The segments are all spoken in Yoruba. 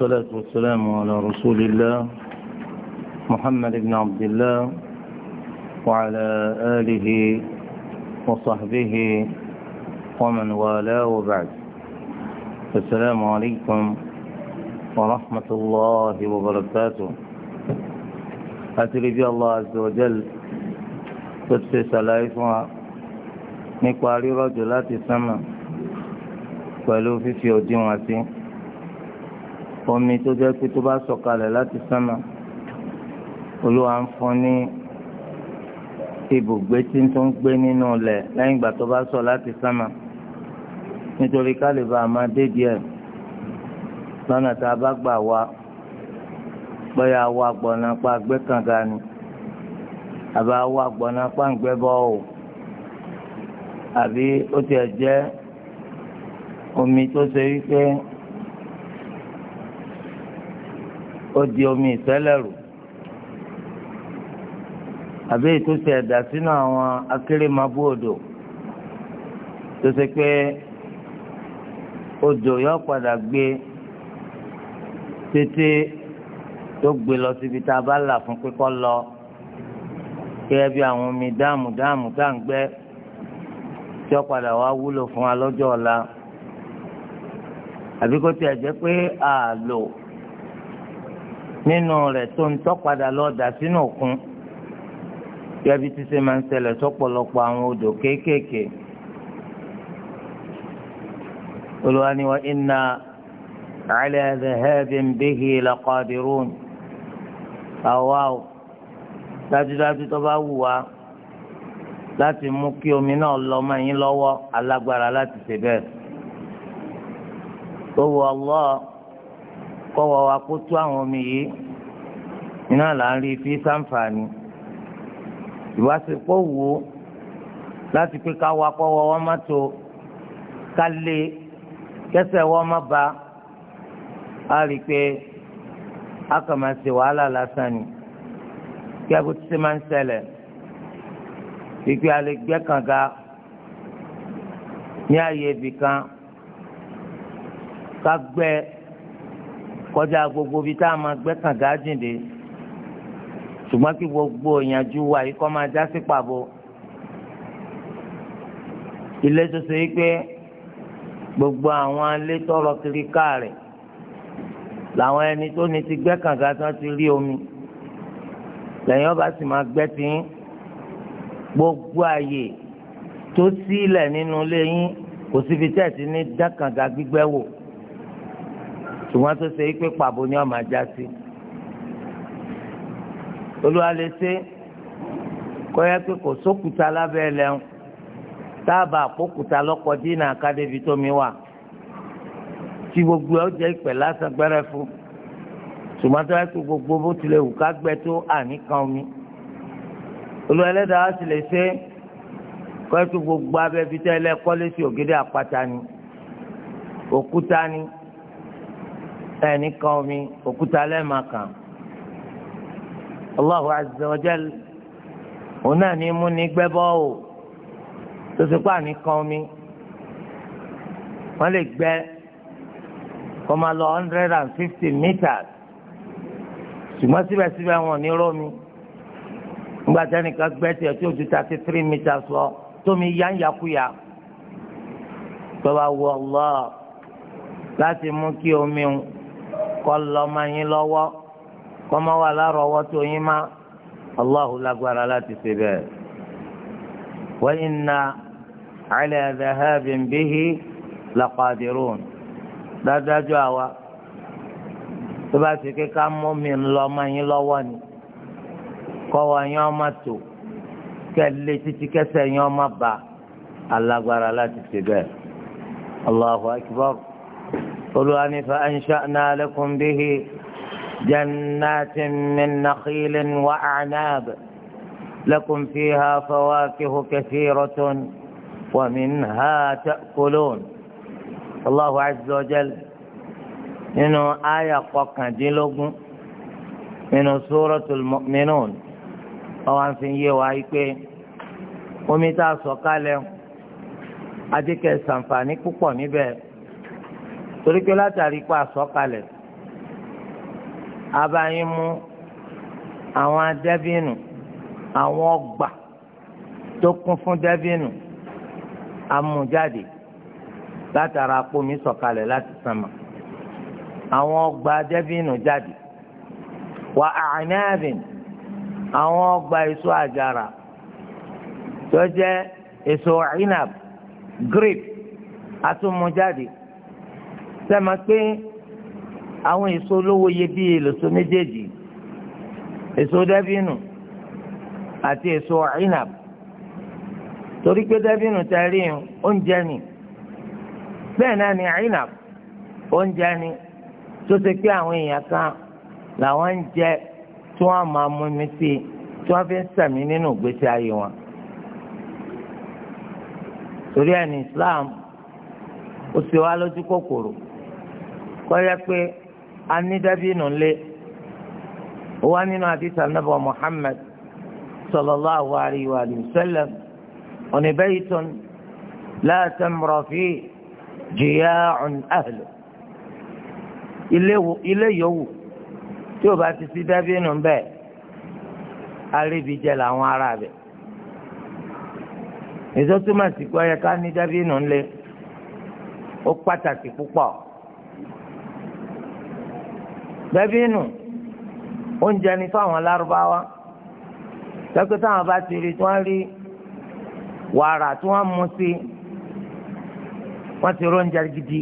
والصلاة والسلام على رسول الله محمد بن عبد الله وعلى آله وصحبه ومن والاه وبعد السلام عليكم ورحمة الله وبركاته أتريد الله عز وجل تبسي سلايفها نقوى رجلات السماء ولو في في omi tó jẹ́ pé tó bá sọ̀kalẹ̀ láti sánmà olúwa ń fún ní ibùgbé tí tó ń gbé nínú ilẹ̀ lẹ́yìn ìgbà tó bá sọ láti sánmà nítorí kálíbà máa dé díẹ̀ lọ́nà tá a bá gbà wá bóyá wá gbọ́nà pa gbé kànga ni àbá wá gbọ́nà pa ń gbẹ́ bọ́ o àbí ó tiẹ̀ jẹ́ omi tó ṣe wípé. ó di omi ìtẹ́lẹ̀rù àbí ìtúsí ẹ̀dá sínú àwọn akérèmabú odò tó ṣe pé odò yóò padà gbé tètè tó gbé lọ síbi tá a bá là fún pé lọ gẹ́gẹ́ bí àwọn omi dáàmù dáàmù tá à ń gbẹ́ tí ó padà wá wúlò fún wa lọ́jọ́ ọ̀la àbí kó tiẹ̀ jẹ́ pé àlò. Ah, nínú rẹ̀ tó ń lọ dà sínú òkun yẹbi tí ṣe máa ń ṣẹlẹ̀ àwọn odò kéékèèké Olúwa ni wa inna ala dhahabin àwa o dájúdájú tó bá wù wá láti mú kí omi náà lọ mọ́ yín lọ́wọ́ alágbára láti ṣe kọ́wọ́ wa kó tó àwọn omi yìí iná là ń rí fi sáǹfààní ìwáṣepọ̀ wò ó láti pé ká wa kọ́wọ́ wọn má tó ká lé kẹsẹ̀ wọn má ba á rí pé a kàn máa ṣe wàhálà lásán ni kí a kò ti ṣe máa ń ṣẹlẹ̀ ìpè alẹ́ gbẹ́ kànga ní ààyè ibì kan ká gbẹ́ kọjá gbogbo bíi tá a máa gbẹ́ kànga jìnde ṣùgbọ́n kí gbogbo ìyànjú wa yìí kọ́ máa já sí pàbó ilé tó ṣe pé gbogbo àwọn alé tọrọ kiri káàrẹ̀ làwọn ẹni tó ní ti gbẹ́ kànga tí wọ́n ti rí omi lẹ́yìn ọba sì máa gbẹ́ tí gbogbo àyè tó sílẹ̀ nínú ilé yín kò síbi tẹ́ẹ̀ ní dá gbígbẹ́ wò ṣùgbọ́n tó ṣe pé pàbó ni wọ́n máa já sí. olúwa lè ṣe kọ́ yẹ pé kò sókùtà lábẹ́ ẹlẹ́hùn táàbà àpòkùtà lọ́kọ̀ dínà àkàdébi tó mi wà tí gbogbo ẹ ó jẹ́ ìpè lásán gbẹ́rẹ́ fún ṣùgbọ́n tó yẹ pé gbogbo bó tilẹ̀ wù ká gbẹ tó àníkan omi olúwa ẹlẹ́dàá sì lè ṣe kọ́ yẹ pé gbogbo abẹ́bí tẹ́lẹ̀ kọ́lé sí ògidì àpáta ni òkúta ni ẹni kan omi òkúta lẹ́ẹ̀ma kan Allahu azza wa jal òun náà ní mú ní gbẹ́bọ́ o tó ti pa ní kan omi wọ́n lè gbẹ́ kọ́ máa lọ hundred and fifty meters ṣùgbọ́n síbẹ̀síbẹ̀ wọn ní rómi nígbà tí ẹnìkan gbẹ́ tiẹ̀ tí ó ju thirty three meters lọ tómi yányakuya tọ́ba wọ Allah láti mú kí omi ń kọ́ lọ́mọ yín lọ́wọ́ kọ́ mọ́ wà lárọ̀ọ́wọ́ tó yín má Allahu lágbára láti ṣe bẹ́ẹ̀. wa inna ala dhahabin bihi laqadirun dájú àwa tó bá ti ké ká mú mi lọ́mọ yín lọ́wọ́ ni kọ́ yín ọmọ tó kẹ́lẹ́ títí kẹsẹ̀ yín ọmọ bá alágbára láti ṣe bẹ́ẹ̀. Allahu akbar olúwa ní fa ansha'na lakum bihi jannatin min nakhilin wa a'nab lakum fiha fawakihu kathiratun wa minha ta'kulun allahu azza wa jal nínú àyà kọkàndínlógún nínú suratul mu'minun ọwọ́ àti yé wa yí pé omi tá a sọ kalẹ̀ adékẹ́ ṣàǹfààní púpọ̀ níbẹ̀ torí pé látàrí pa àsọ̀kalẹ̀ abayín mú àwọn adẹ́bínú àwọn ọgbà tó kún fún dẹ́bínú amújáde látara apómi sọ̀kalẹ̀ láti sánmà àwọn ọgbà dẹ́bínú jáde wà ànáàbìn àwọn ọgbà èso àjàrà tó jẹ́ èso inab grape atúmújáde sẹ́ma pé àwọn èso olówó iyebíye lòso méjèèjì èso dẹ́bínù àti èso ìnàb torí pé dẹ́bínù tẹ rí oúnjẹ ni bẹ́ẹ̀ náà ni ìnàb oúnjẹ ni tó ṣe pé àwọn èèyàn kan làwọn ń jẹ tí wọ́n máa mú mi sí tí wọ́n fi ń sẹ̀mí nínú ìgbésí ayé wọn torí ẹni Islam ó ṣe wá lójú kòkòrò kọ́yá pé a ní dábìnù lé wá nínú àdìsá nàbọ̀ Muhammad sallallahu alayhi wa sallam òní baytun la tamra fi jiya'un ahlu ilé yòówù tí o bá ti sí dábìnù bẹ́ẹ̀ arìbìjẹ làwọn ará bẹ̀ èso sí pé ọ̀yẹ́ká ní dábìnù lé ó pàtàkì púpọ̀ dàbínù oúnjẹ ni fáwọn lárúbáwá tẹ́kọ̀ táwọn bá ti rí tí wọ́n rí wàrà tí wọ́n mú sí wọ́n ti róúnjẹ gidi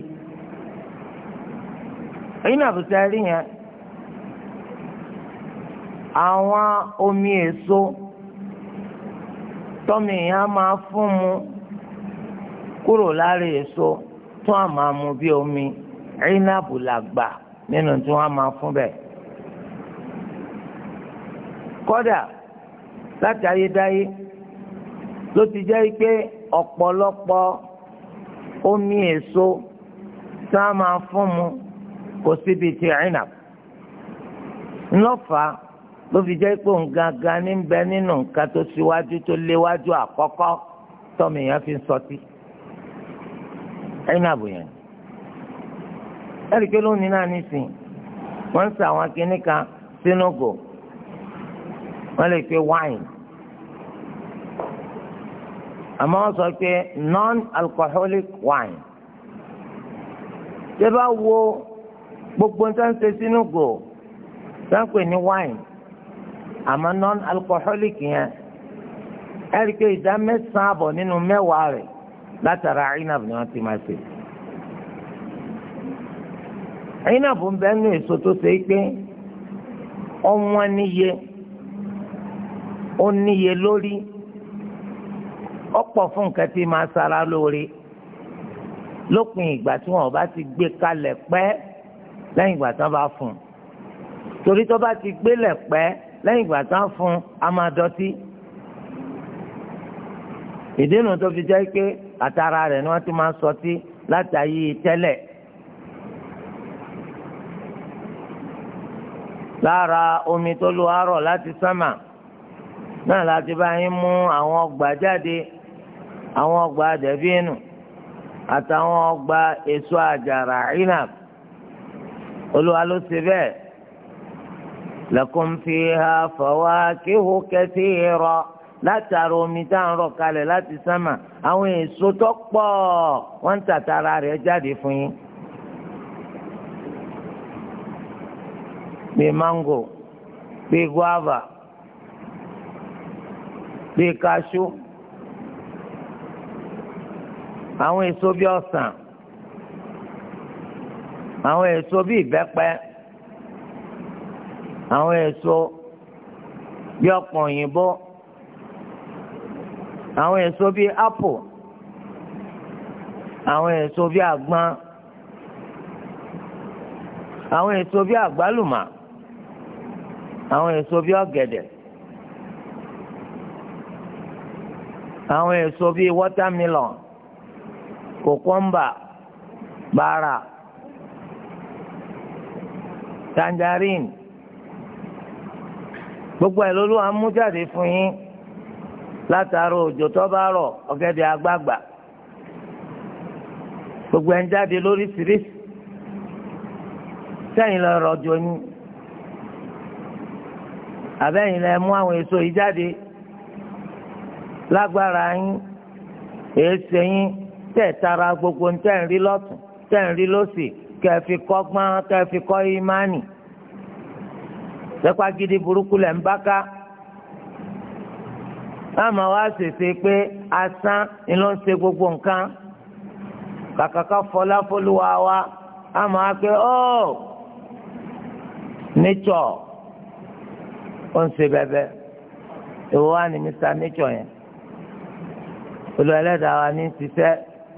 èyí náà fi sẹ́ yẹn àwọn omi èso tọ́mi yẹn máa fún mu kúrò lára èso tí wọ́n mu bí omi ẹ̀yìn náà bù làgbà nínú tí wọ́n máa fún bẹ́ẹ̀. kódà láti ayédáyé ló ti jẹ́ pé ọ̀pọ̀lọpọ̀ omi èso tá a máa fún mu kò síbi ti ìnàb. ńlọ́fà ló fi jẹ́ pé òun gangan ní bẹ nínú nǹkan tó síwájú tó léwájú àkọ́kọ́ tọ́mìyàn fi ń sọtí. ìnàbù yẹn ẹ̀rí pé lónìí náà nísìn wọ́n ń sa àwọn akíní kan sínú gò wọ́n lè pe wáìn àmọ́ wọ́n sọ pé non-alcoholic wine ṣé bá wo gbogbo ń tán ṣe sínú gò tán pè ní wine àmọ́ non-alcoholic yẹn ẹ̀rí pé ìdá mẹ́sàn-án àbọ̀ nínú mẹ́wàá rẹ̀ látara inab ni wọ́n ti máa ṣe ẹ̀yin náà bò ń bẹ́ẹ̀ nù èso tó ṣe é pé ọmọ níye ó níye lórí ọ̀pọ̀ fún nǹkan tí máa ṣara lóore lópin ìgbà tí wọn bá ti gbé kalẹ̀ pẹ́ lẹ́yìn ìgbà tí wọ́n bá fún un torí tó bá ti gbélẹ̀ pẹ́ lẹ́yìn ìgbà tí wọ́n fún un a máa dọ̀tí ìdí nu tó fi jẹ́ pé àtàrà rẹ̀ ni wọ́n ti máa sọtí látàyè tẹ́lẹ̀ lára omi tó lu àárọ̀ láti sámà náà láti bá yín mú àwọn ọgbà jáde àwọn ọgbà dẹ̀bínú àtàwọn ọgbà èso àjàrà inab olúwa ló ṣe bẹ́ẹ̀ lakum fiha fawakihu kathira látara omi tá à ń rọ̀ kalẹ̀ láti sámà àwọn èso tó pọ̀ wọ́n ń tàtara rẹ̀ jáde fún yín. bíi mango bíi guava bíi kaṣú àwọn èso bíi ọsàn àwọn èso bíi ìbẹ́pẹ àwọn èso bíi ọ̀pọ̀ òyìnbó àwọn èso bíi apple àwọn èso bíi àgbọn àwọn èso bíi àgbálùmọ̀ àwọn èso bíi ọ̀gẹ̀dẹ̀ àwọn èso bíi wọ́támílọ̀n kòkọ́mbà bàrà tanjarin gbogbo ẹ̀ lólu amújáde fún yín látàrí òjò tó bá rọ̀ ọ̀gẹ̀dẹ̀ àgbagbà gbogbo ẹ̀ ń jáde lóríṣiríṣi sẹ́yìn lọ́rọ̀ jọ yín àbẹ́yìn lẹ mú àwọn èso yìí jáde lágbára yín èsè yín tẹ̀ tara gbogbo tẹ̀ ń rí lọ́tún tẹ̀ ń rí lọ́sì kẹfì kọ́gbọ́n kẹfì kọ́ ìmánì sẹ́pà gidi burúkú lẹ̀ ń bá ká láàmú wa ṣèṣe pé asán ni ló ń ṣe gbogbo nǹkan kàkàkà fọlá wa àmọ́ wa pé ọ́ọ̀ oh, ó ń ṣe bẹbẹ ìwọ wa ni mr nature yẹn olú ẹlẹ́dàá wa ní ṣiṣẹ́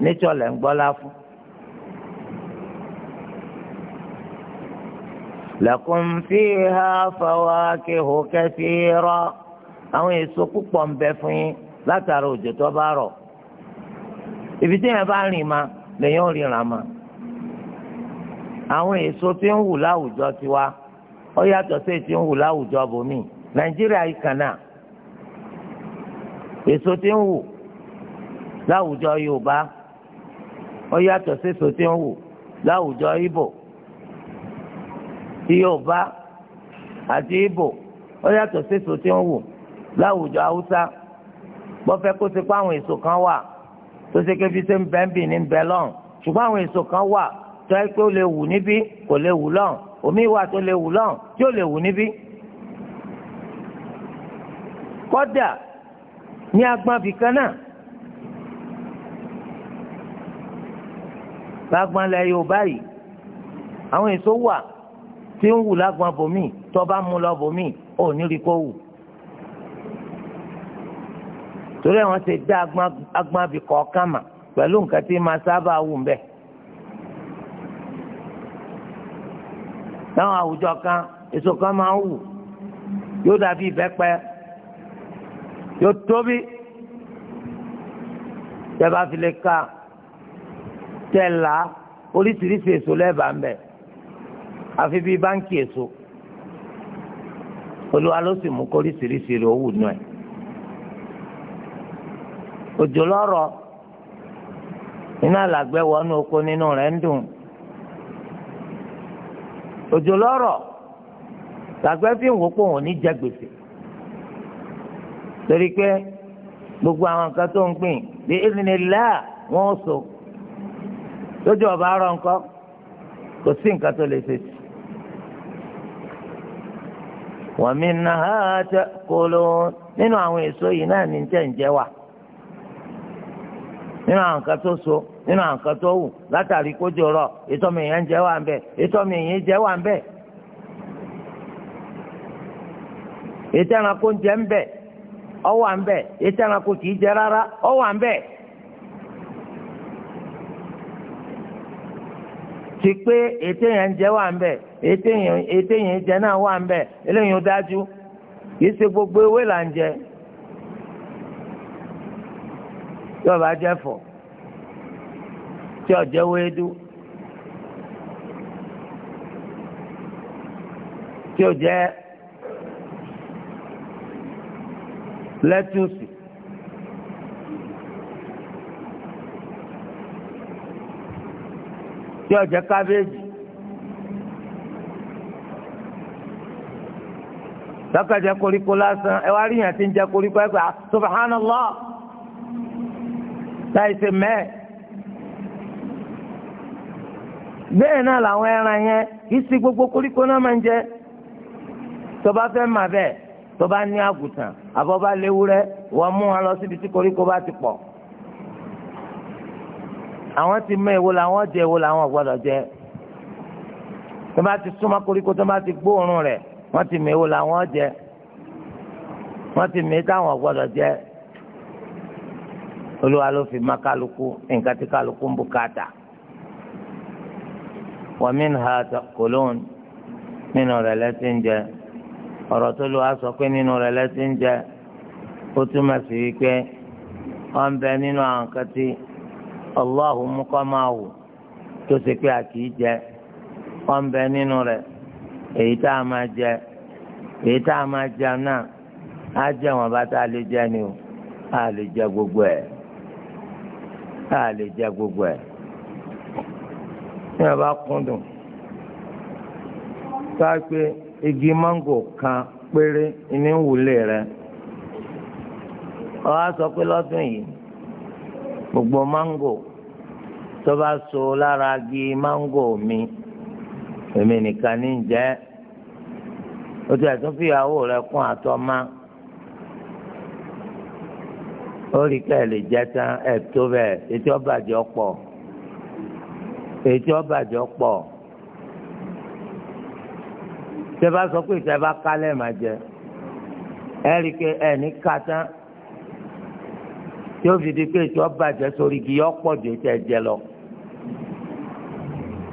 nature lẹ̀ ń gbọ́ láfún. lakum fiha fawakihu kathira àwọn èso púpọ̀ ń bẹ fún yín látara òjò tó bá rọ̀ ibi tí yẹn bá rìn ma lèyìn ò ríran ma àwọn èso tí ń wù láwùjọ tiwa ó yàtọ̀ sí ètò ń wù láwùjọ bòmí nàìjíríà yìí kan náà èso tí ń wù láwùjọ yorùbá ó yàtọ̀ sí èso tí ń wù láwùjọ ìbò ti yorùbá àti ìbò ó yàtọ̀ sí èso tí ń wù láwùjọ haúsá gbọ́fẹ́ kó ti pa àwọn èso kan wà tó ṣe ké fi ṣe ń bẹ́ẹ̀ bì ní bẹ́ẹ̀ lọ́hùn ṣùgbọ́n àwọn èso kan wà tó ẹ pé ó lè wù níbí kò lè wù lọ́hùn omi wà tó lè wù lọ́hùn tí ó lè wù níbí. kọ́dà ní agbábì kan náà lágbọ́n lẹ Yorùbá yìí àwọn èso wà tí ń wù lágbọ́n bòmíì tó bá mú lọ bòmíì ò ní rí kó wù. torí àwọn ṣe dá agbábì kọ̀ọ̀kan mà pẹ̀lú nǹkan tí máa sábà wù ń bẹ́ẹ̀. láwọn àwùjọ kan èso kan máa ń wù yóò dàbí ìbẹ́pẹ yóò tóbi tẹ́ fi lè ka tẹ́ là oríṣiríṣi èso lẹ́ẹ̀bà ń bẹ̀ àfi bíi báńkì èso olúwa ló sì mú kó oríṣiríṣi rẹ̀ owó nù ẹ̀ òjò lọ́rọ̀ iná làgbẹ́ wọnú oko nínú rẹ̀ ń dùn. òjò lọ́rọ̀ làgbẹ́ fi ń wò pé òun ní gbogbo àwọn nǹkan tó ń gbìn bí ìrìnlẹ̀ wọn ò so lójú ọba arọ nǹkan kò sí nǹkan tó lè ṣe sí. wọ́n mi nínú àwọn nǹkan tó so nínú àwọn nǹkan tó wù látàrí kójú rọ ètò yẹn jẹ́ wà ń bẹ̀ yẹn jẹ́ wà rárá ti pé ètò yẹn ń jẹ wà ń bẹ̀ ètò yẹn jẹ náà wà ń eléyìí ó gbogbo ewé là ń tí ọba jẹ́ fọ̀ tí ọjọ́ wéédú tí ó jẹ́ lẹ́tùsì. tí ó jẹ́ kábéèjì koríko lásán ẹ wá rí yàn tí ń koríko ẹ gbà láì ṣe mẹ́ẹ̀. bẹ́ẹ̀ náà làwọn ẹran yẹn ìsì gbogbo koríko náà máa ń jẹ tó bá fẹ́ mà bẹ́ẹ̀ tó bá ní àgùntàn àbọ̀ bá léwúrẹ́ wọ́n mú wọn lọ síbi tí koríko bá ti pọ̀ àwọn ti mọ èwo làwọn jẹ èwo làwọn gbọ́dọ̀ jẹ tó ti súnmọ́ koríko tó ti gbóòórùn rẹ̀ wọ́n ti mọ èwo làwọn jẹ wọ́n ti mọ táwọn gbọ́dọ̀ jẹ. olúwa ló fi má kálukú nǹkan tí kálukú ń nínú rẹ̀ jẹ ọ̀rọ̀ tó pé nínú rẹ̀ jẹ ó túmọ̀ sí wípé wọ́n ń bẹ nínú àwọn kan a jẹ wọ́n ń bẹ nínú rẹ̀ èyí tá a máa a máa jẹ náà á jẹ ni o a lè jẹ gbogbo a lè jẹ gbogbo ẹ ní a bá kúndùn sáà pé igi mango kan péré ní wùlé rẹ ọ á sọ pé lọ́dún yìí gbogbo mango tó bá so lára igi mango mi èmi nìkan ní jẹ ó ti ẹ̀ tún fìyàwó rẹ kún àtọ́ máa. orí ká ẹ lè jẹ tán ẹ tó bẹ́ẹ̀ etí ọbàjẹ ọ̀pọ̀ etí ọbàjẹ ọ̀pọ̀ tẹ bá sọ pé ìtẹ bá kálẹ̀ máa jẹ ẹ rí i pé ẹ ní ká tán tí ó fi di pé etí ọbàjẹ sórí igi ọ̀pọ̀ jù tẹ jẹ lọ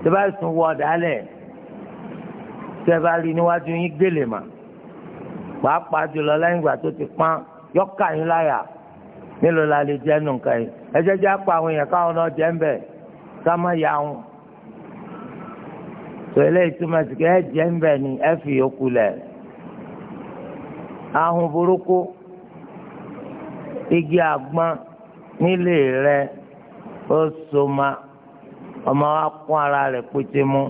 tẹ bá sùn wọ ọ̀dàlẹ̀ tẹ bá rí níwájú yín gbélé mà pàápàá jùlọ lẹ́yìn ìgbà tó ti pọ́n yọkà yín láyà. nílò la lè jẹ nùkà yìí ẹjẹ jẹ apá àwọn èèyàn káwọn náà ń ká má ya wọn tó eléyìí sí kẹ́ ẹ ń ni ẹ fi ahun burúkú igi àgbọn nílé rẹ ó so ma ọmọ wa ara rẹ pété mú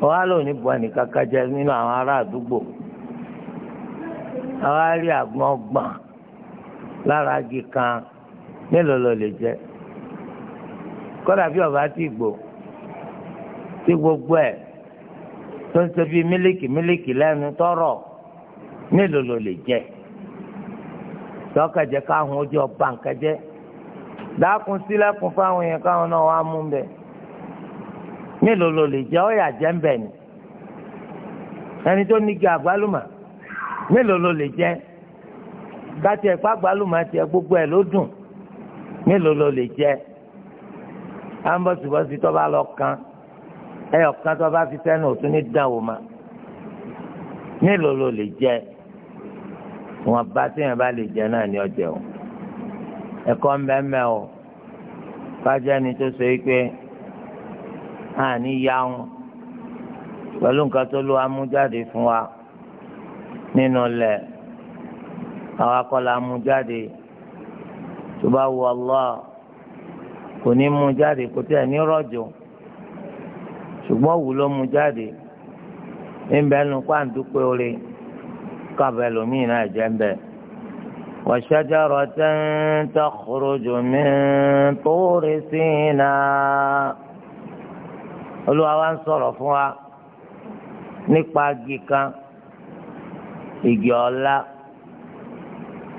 wàá lò ní kaka jẹ nínú àwọn ará àdúgbò àwa rí àgbọn lára agi kan mélòó ló lè jẹ kọ́lá bí ọba ti gbò tí gbogbo ẹ̀ tó ń ṣe bíi mílíkì mílíkì lẹ́nu tọrọ mélòó ló lè jẹ tọkàjẹ káhùn ojú ọba nǹkan dákun sílẹ̀kùn fáwọn yẹn káwọn náà mú mélòó ló lè jẹ yà ẹni tó ní àgbálùmọ̀ mélòó ló káti ẹ̀ pàgbálùmọ̀ àti ẹ̀ gbogbo ẹ̀ ló dùn mélòó ló lè jẹ́ ambọ̀sibọ́sí tó bá lọ kan ẹyọ kan tó fi sẹ́nu òtún ní dánwò ma mélòó ló lè jẹ́ wọn bá téèyàn bá lè jẹ náà ní ọjẹ o ẹ̀kọ́ mbẹ́mbẹ́ o fájá ni tó sọ yìí pé àní yáwọn pẹ̀lú nǹkan tó lọ́wọ́ amújáde fún wa nínú lẹ̀ àwọn akọ́là mú jáde tó bá wù Allah kò ní mú jáde kò tẹ̀ ní rọ̀jò ṣùgbọ́n wù ló mú jáde níbẹ̀ nu pàǹdùpẹ́ orí kábẹ́ lómìn náà jẹ́ ń bẹ̀. وشجرة تخرج من طور سيناء Olúwa wa ń sọ̀rọ̀ fún wa nípa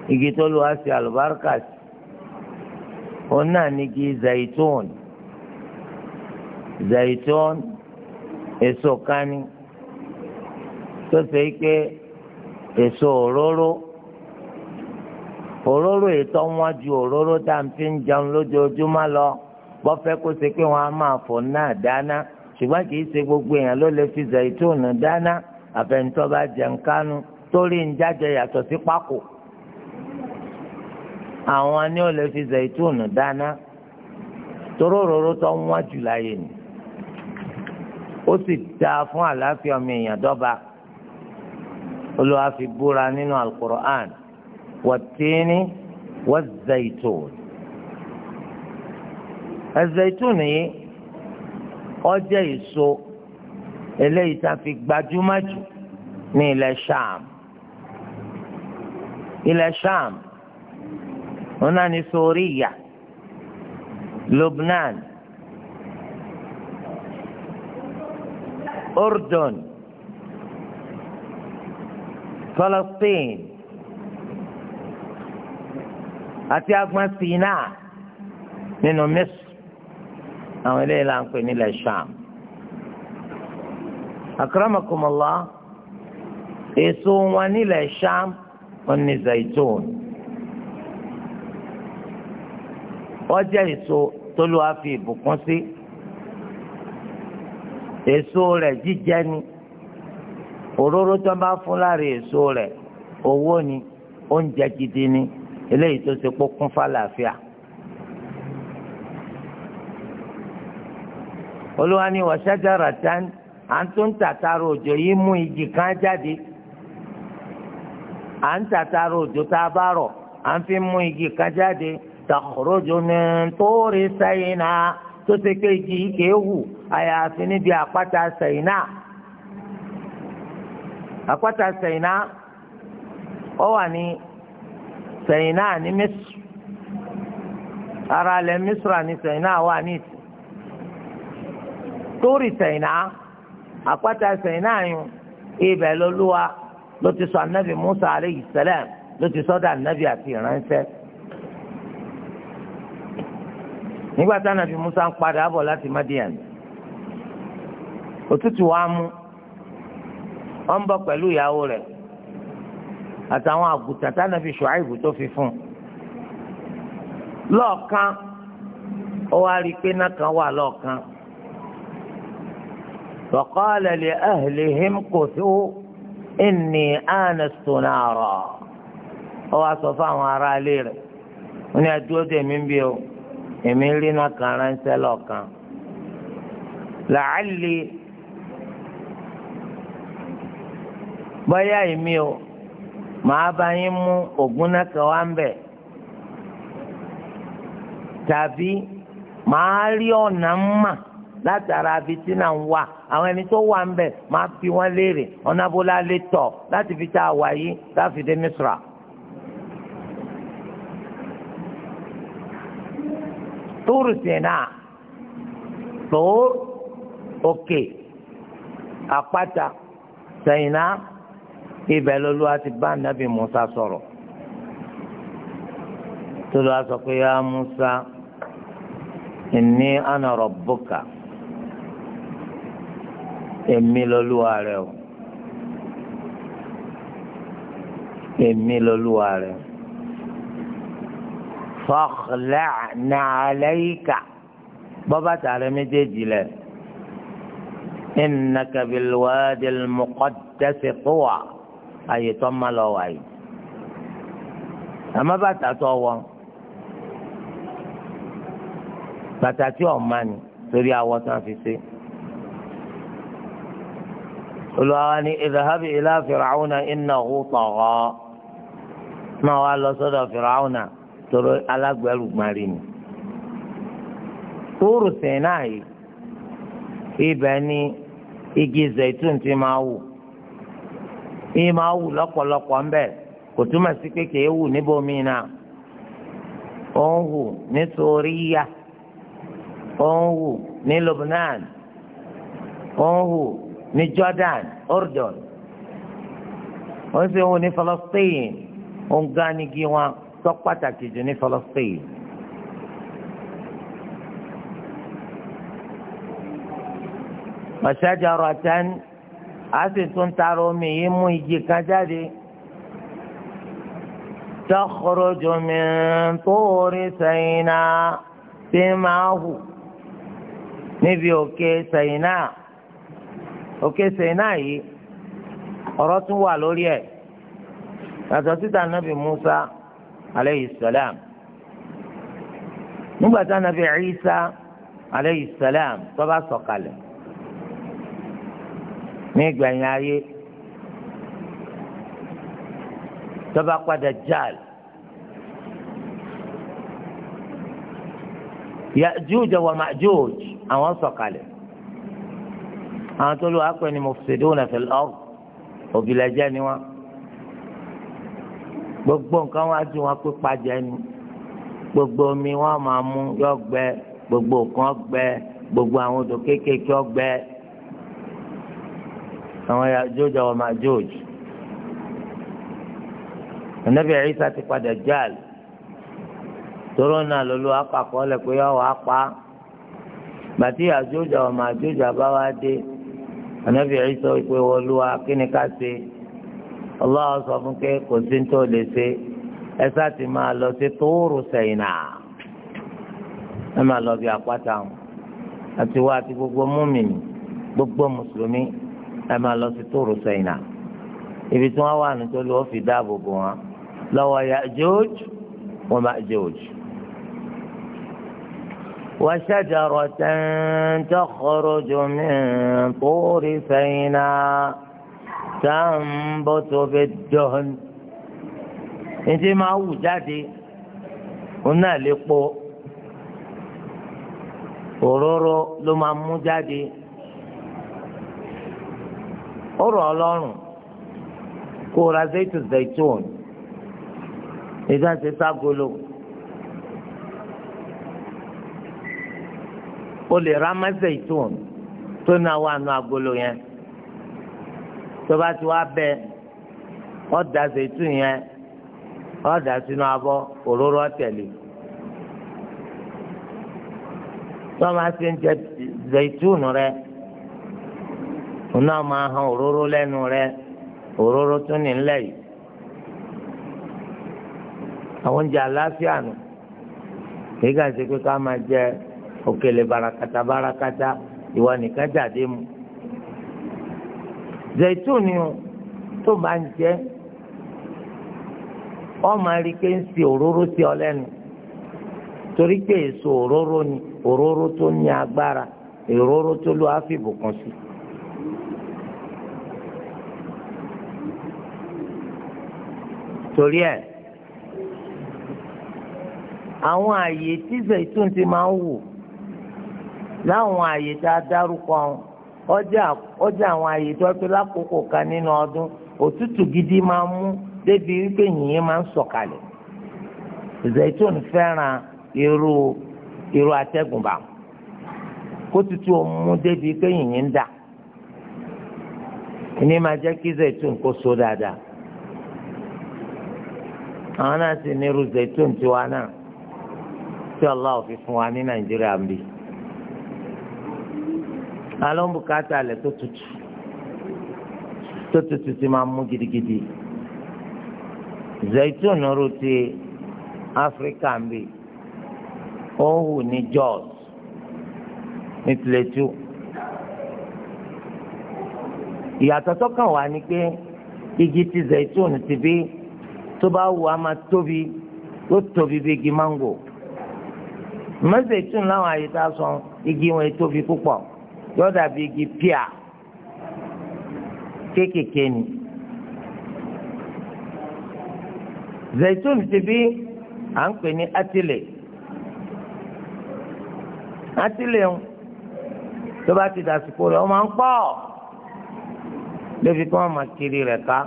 igi tó lu àṣì àlùbáríkà sí òun náà ní igi zaitun zaitun èso kání tó ṣe pé èso òróró òróró ètò wọn ju òróró tá à ń fi ń jẹun lójoojúmọ́ lọ bọ́ fẹ́ kó ṣe pé wọ́n á máa fò náà dáná ṣùgbọ́n kì í ṣe gbogbo èèyàn ló lè fi zaitun dáná àfẹnitọ́ bá jẹun kánú torí ń yàtọ̀ sí pákó. àwọn ni ó lè fi zaitun dáná toróróró tó ń wá jù láyé ni ó sì dáa fún àlàáfíà ọmọ èèyàn dọ́ba olùwà fi búra nínú alukur'an wàtíní wà zaitun zaitun yìí ó èso eléyìí tá a fi gbajúmọ̀ jù ní ilẹ̀ sham ilẹ̀ sham wọn náà ní sóríyà Lubnan Urdun Palestine àti agbọn Sinaa nínú Misr àwọn eléyìí là ń pè nílẹ̀ Sham akramakumullah èso wọn nílẹ̀ Sham wọn ní zaitun. wọ́n jẹ́ èso t'Olúwa fi ìbùkún sí èso rẹ̀ jíjẹ ni òróró tó ń bá fún èso rẹ̀ owó ni oúnjẹ gidi ni eléyìí tó ṣe kó kún fàlàáfíà. Olúwa ni wa shajaratan à ń tún tàtàrà òjò yìí mú igi kan jáde à ń tàtàrà òjò tàkùrọ̀jù mi tó rí sẹ́yìn náà tó ṣe pé igi kéwù àyàfi níbi àpáta sẹ́yìn náà àpáta sẹ́yìn náà ó wà ní sẹ́yìn náà ní Mísírì ara lẹ Mísírì ní sẹ́yìn náà wà ní ìsìn tó rí sẹ́yìn náà àpáta ibẹ̀ ló ti sọ Musa aleyhi sẹlẹm ló ti sọ a anabi àti ìránṣẹ́. nígbà tí ànábì Musa ń padà bọ̀ láti Madian òtútù wa mú ọ ń bọ̀ pẹ̀lú ìyàwó rẹ̀ àtàwọn àgùntàn tí ànábì Ṣuaibu tó fi fún lọ́ọ̀kan ó wá rí i pé kan wà lọ́ọ̀kan faqala li ahlihim kuthu inni anastu nara ó wá sọ fún àwọn aráalé rẹ̀ wọ́n ní adúlọ́dẹ̀ mi ń bí o. èmi ń ríná kan ránṣẹ́ lọ́ọ̀kan làálì bóyá èmi o màá bá yín mú ògùn náà kan wá ń bẹ̀ tàbí màá rí ọ̀nà ń mà látara abi tí náà ń wà àwọn ẹni tó wà ń bẹ̀ máa fi wọ́n léèrè ọ̀nàbólà lè tọ̀ láti fi tá a wà yìí láfi dé Misra. tóòrù sínà tóòrù òkè àpáta sẹ̀yìnà ibẹ̀ lọ́lọ́wọ́ ti bá nàbì Musa sọ̀rọ̀ tó lọ́wọ́ sọ pé ya Musa inni ana rabbuka èmi lọ́lọ́wọ́ rẹ o èmi lọ́lọ́wọ́ o fakhla'na 'alayka bọ́ bàtà rẹ méjèèjì lẹ̀ innaka bil wadi al muqaddasi tuwa àyè tó má lọ wáyé àmọ́ bàtà tó wọ̀ bàtà tí ò má ni torí awọ tó fi ṣe. olùwàwá ni idhhab ila fir'auna innahu tagha máa wá lọ sọ́dọ̀ fir'auna. tọrọ alágbèrú mari ni tóóró Sinai yìí ni igi zaitun ti máa wù ìyẹn máa wù lọ́pọ̀lọpọ̀ ńbẹ̀ kò túmọ̀ sí pé kìí wù níbòmí náà ó ń wù ní Sóríyà ó ń wù ní Lebanon ó ń wù ní Jordan Jordan ó sì ń wù ní Palestine ó ń tó pàtàkì jù ní Palestine. mashajaratan a sì tún tara omi yìí mú igi kan jáde. تخرج من طور سيناء سماه níbi òkè Sàyínà òkè Sàyínà yìí ọ̀rọ̀ tún wà lórí ẹ̀ yàtọ̀ síta nàbì Musa aleyhi salam nígbà tí anabi Isa aleyhi salam tó bá sọ̀kalẹ̀ ní ìgbẹ̀yìn ayé tó bá padà jáàlì. Ya'juj wa Ma'juj àwọn sọ̀kalẹ̀ àwọn tó lù wá pé ni fil ard òbílẹ̀jẹ́ ni gbogbo nǹkan wá ju wọn pé pàjẹ́ ni gbogbo omi wọn máa mú yọ gbẹ gbogbo nǹkan gbẹ gbogbo àwọn odò kéékèèké ọgbẹ àwọn Yájúj àwọn Májúj Ànábì Ìsá ti padà jáàlì tóró náà lólu apapọ̀ lẹ̀ pé yọ wọ́n apá bàtí Yájúj àwọn Májúj àbáwá dé Ànábì Ìsá ìpè wọlúwa kí ká ṣe. Allah sọ fún pé kò sí tó lè ṣe ẹ sá ti máa lọ sí tóórù sẹ̀yìnà ẹ máa lọ bí àpáta àti wá àti gbogbo múmìnì gbogbo mùsùlùmí ẹ máa lọ sí tóórù sẹ̀yìnà ibi tí wọ́n wà nítorí wọ́n fi dáàbò bò wọ́n lọ́wọ́ Ya'juj wa Ma'juj. وشجرة تخرج من طور سيناء تنبت بالدهن ntí máa wù jáde òun náà lè po òróró ló máa mú jáde ó rọ̀ ọ́ ra zaitun ìdá ti o lè ra má zaitun tó náà wà agolo yẹn. tó ti wá bẹ ọ̀dà ṣètú yẹn ọ̀dà sínú abọ́ òróró tẹ̀lé tó máa ń jẹ zẹ̀túnù rẹ ònà máa han òróró lẹ́nu rẹ òróró tún ní ńlẹ̀ yìí àwọn oúnjẹ àlàáfíà nù kí gàdé pé ká máa jẹ òkèlè barakata barakata ìwà nìkan jáde mu. zaitun ni o tó bá ń jẹ ọmọ rí pé ń fi òróró sí ọ lẹ́nu torí pé èso òróró ni òróró tó ní agbára òróró tó ló lọ kan sí. torí ẹ àwọn àyè tí zaitun ti máa ń wò láwọn àyè tá a dárúkọ ọ̀hún. ọjà àwọn àyè tó pé lákòókò kan nínú ọdún òtútù gidi máa mú débi wípé yìnyín máa ń sọ̀kalẹ̀ zaitun fẹ́ràn irú irú Ko kó tutù mú débi pé yìnyín dà ní máa jẹ́ kí zaitun kó so dáadáa àwọn náà sì ní irú zaitun tiwa náà tí alọ́ ń bùkátà alẹ́ tó tutù tó tutù ti máa mú gidigidi zaitun ro ti áfíríkà ń bì ó hù ní Jos ní Plateau ìyàtọ̀ tó kàn wá ni pé igi ti zaitun ti bí tó bá wù á máa tóbi ó tóbi bí igi máńgò mọ́sẹ̀ tún láwọn àyè tá a sọ igi wọn tóbi púpọ̀ yóò dàbí igi píà kéékèèké ni. zaitun ti bí à ń pè ní atile atile ń tó bá ti dàsìkò rẹ̀ ó máa ń pọ̀ lébi kí wọ́n máa kiri rẹ̀ ká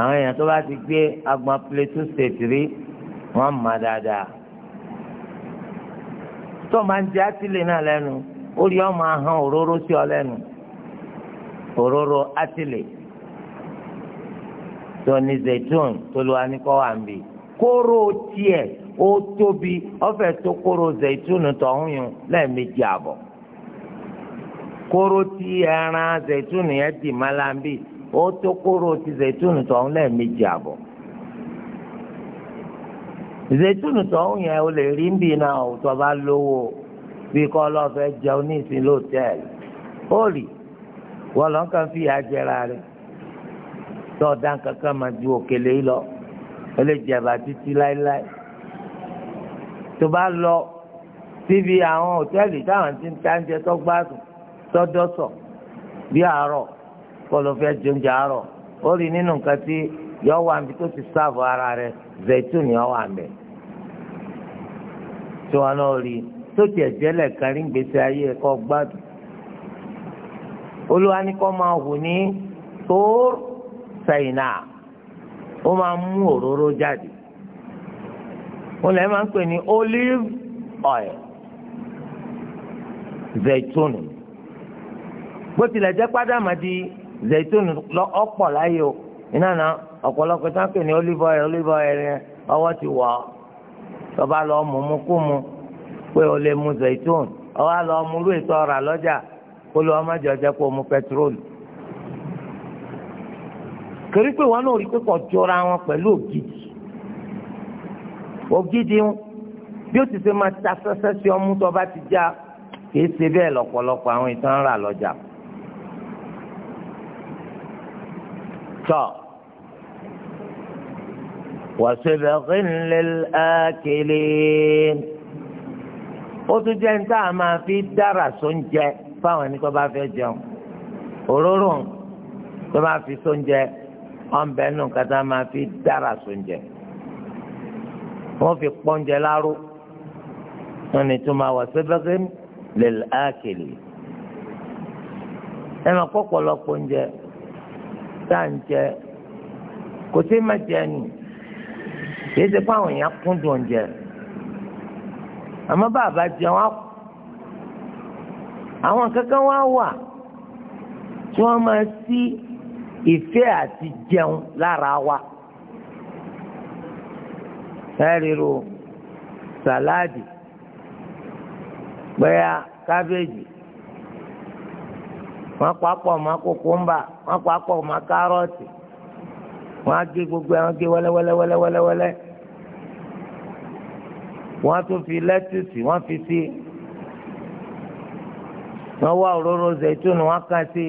àwọn èèyàn tó bá ti gbé agbọn plateau state rí wọ́n máa dáadáa. tó máa ń jẹ átìlè náà lẹ́nu ó rí ọmọ ahọ́n òróró sí ọ lẹ́nu òróró átìlè tó zaitun tó lu anikọ́ wà ń bì kóró tiẹ̀ ó tóbi ọ̀fẹ́ tó kóró zaitun tọ̀hún yun lẹ́ẹ̀mejì àbọ̀ kóró ti ìṣètùnú tó ń yẹn o lè rí bí náà o tó bá lówó bí kọ́ ọlọ́fẹ́ jẹun ní ìsìn lóòtẹ́ẹ̀lì ó rì wọ́n lọ́n kàn fi àjẹrà rẹ̀ tó dán kankan máa ju òkèlè yìí lọ ó lè jẹ̀bà títí láéláé tó bá lọ síbi àwọn òtẹ́ẹ̀lì táwọn ti ń ta oúnjẹ tó gbádùn tó dọ́sọ̀ bí àárọ̀ kọ́ ọlọ́fẹ́ jẹun jẹ àárọ̀ ó rì nínú nǹkan tí yọ wà níbi tó ti sáàbù ara zaitun wà tí wọn náà rí sókè ẹ̀jẹ̀lẹ̀ kárí gbèsè ayé ẹkọ gbádùn olúwa ní kó máa hù ní tóór ṣàyìnà ó máa mú òróró jáde wọn lè máa ń pè ní olive oil zaitun bó tilẹ̀ jẹ́ di zaitun ọ̀pọ̀ láyé iná ọ̀pọ̀lọpọ̀ tọba lọ mú mú kú mu pé o lè mu zaitun ọwọ́ lọ mú lóye tó ọ̀rà lọ́jà kó lọ́ọ́ má jọ jẹ́ kó mu pẹtrólù. torí pé wọn náà rí pé kò jọra wọn pẹ̀lú ògidì ògidì bí ó ti ṣe máa ta sẹ́sẹ́ sí ọmú tọba ti já kìí ṣe bẹ́ẹ̀ lọ́pọ̀lọpọ̀ àwọn ìtàn rà lọ́jà. وسبغ للآكلين ó tún jẹ́ níta a máa fi dára sóúnjẹ fáwọn ẹni tó bá fẹ́ jẹun òróró tó bá fi sóúnjẹ ọ̀nbẹ nù kàtà máa fi dára sóúnjẹ wọ́n fi pọ́njẹ láró wọ́n ní tó máa wà ẹ máa kọ́ pọ̀lọpọ̀ oúnjẹ tá ń jẹ kò sí má jẹ nìyí kìí ṣe pé àwọn èèyàn kúndùn oúnjẹ àmọ́ bàbá jẹun á àwọn kankan wá wà tí wọ́n máa sí ìfẹ́ àti jẹun lára wa ẹ̀rìrò sàláàdì gbẹ́yà kábéèjì wọ́n papọ̀ mọ́ kókómbà wọ́n papọ̀ mọ́ kárọ̀tì wọ́n á gé gbogbo ẹ̀ wọ́n gé wẹ́lẹ́wẹ́lẹ́wẹ́lẹ́wẹ́lẹ́ wọ́n tún fi lẹ́tùsì wọ́n fi sí wọ́n wá òróró zaitun wọ́n kà sí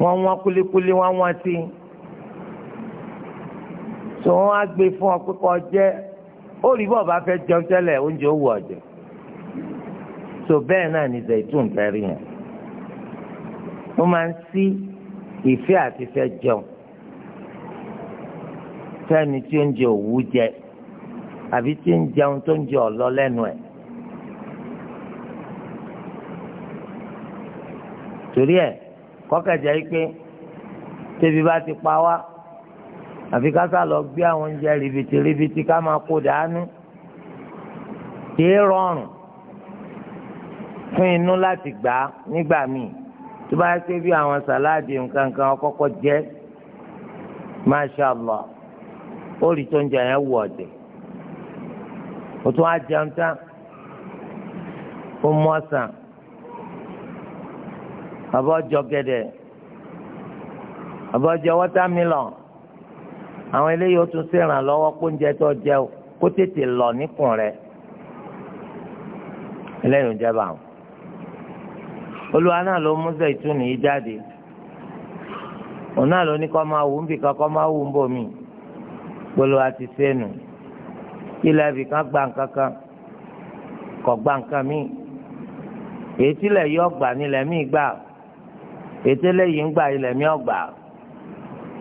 wọ́n wọ́n kulikuli wọ́n wọ́n sí tó wọ́n á gbé fún ọ pé kọ́ jẹ́ ó rí bọ́ọ̀ bá fẹ́ jẹun tẹ́lẹ̀ oúnjẹ ó wù ọ́ jẹ tó bẹ́ẹ̀ náà ni zaitun fẹ́ rí yẹn wọ́n máa ń sí ìfẹ́ àti fẹ́ jẹun sẹ́ni tí oúnjẹ òwú jẹ àbí tí ń jẹun tó ń jẹ ọ̀lọ́ lẹ́nu ẹ̀. torí ẹ̀ kọ́kẹ́jẹ́ yìí pé tẹ́bi bá ti pa wá àfi ká sá lọ gbé àwọn oúnjẹ ribiti ribiti ká máa kó dànù kìí rọrùn fún inú láti gbà á nígbà míì tó bá yẹ pé bí àwọn sàláàdì nǹkan kan ọkọ́kọ́ jẹ́ masha allah. ó rí tó ń jẹ yẹn wù ọ̀dẹ̀ o tún á jẹun tán ó mú ọ̀sán àbọ̀jọ gẹ̀dẹ̀ àbọ̀jọ wọ́támílọ̀n àwọn eléyìí ó tún ṣèrànlọ́wọ́ kó tó jẹ o kó tètè lọ níkùn rẹ̀ eléyìí ń jẹba àwọn olùwà náà ló mú zaitun yìí jáde òun náà ló ní kọ́ máa wù ń bì polówó àti sẹ́nu ilẹ̀ ibì kan gba nǹkan kan kọ̀ gba nǹkan míì èyí tí ilẹ̀ yìí ọgbà nílẹ̀ míì gbà èyí tí ilẹ̀ yìí ń gbà ilẹ̀ míì ọgbà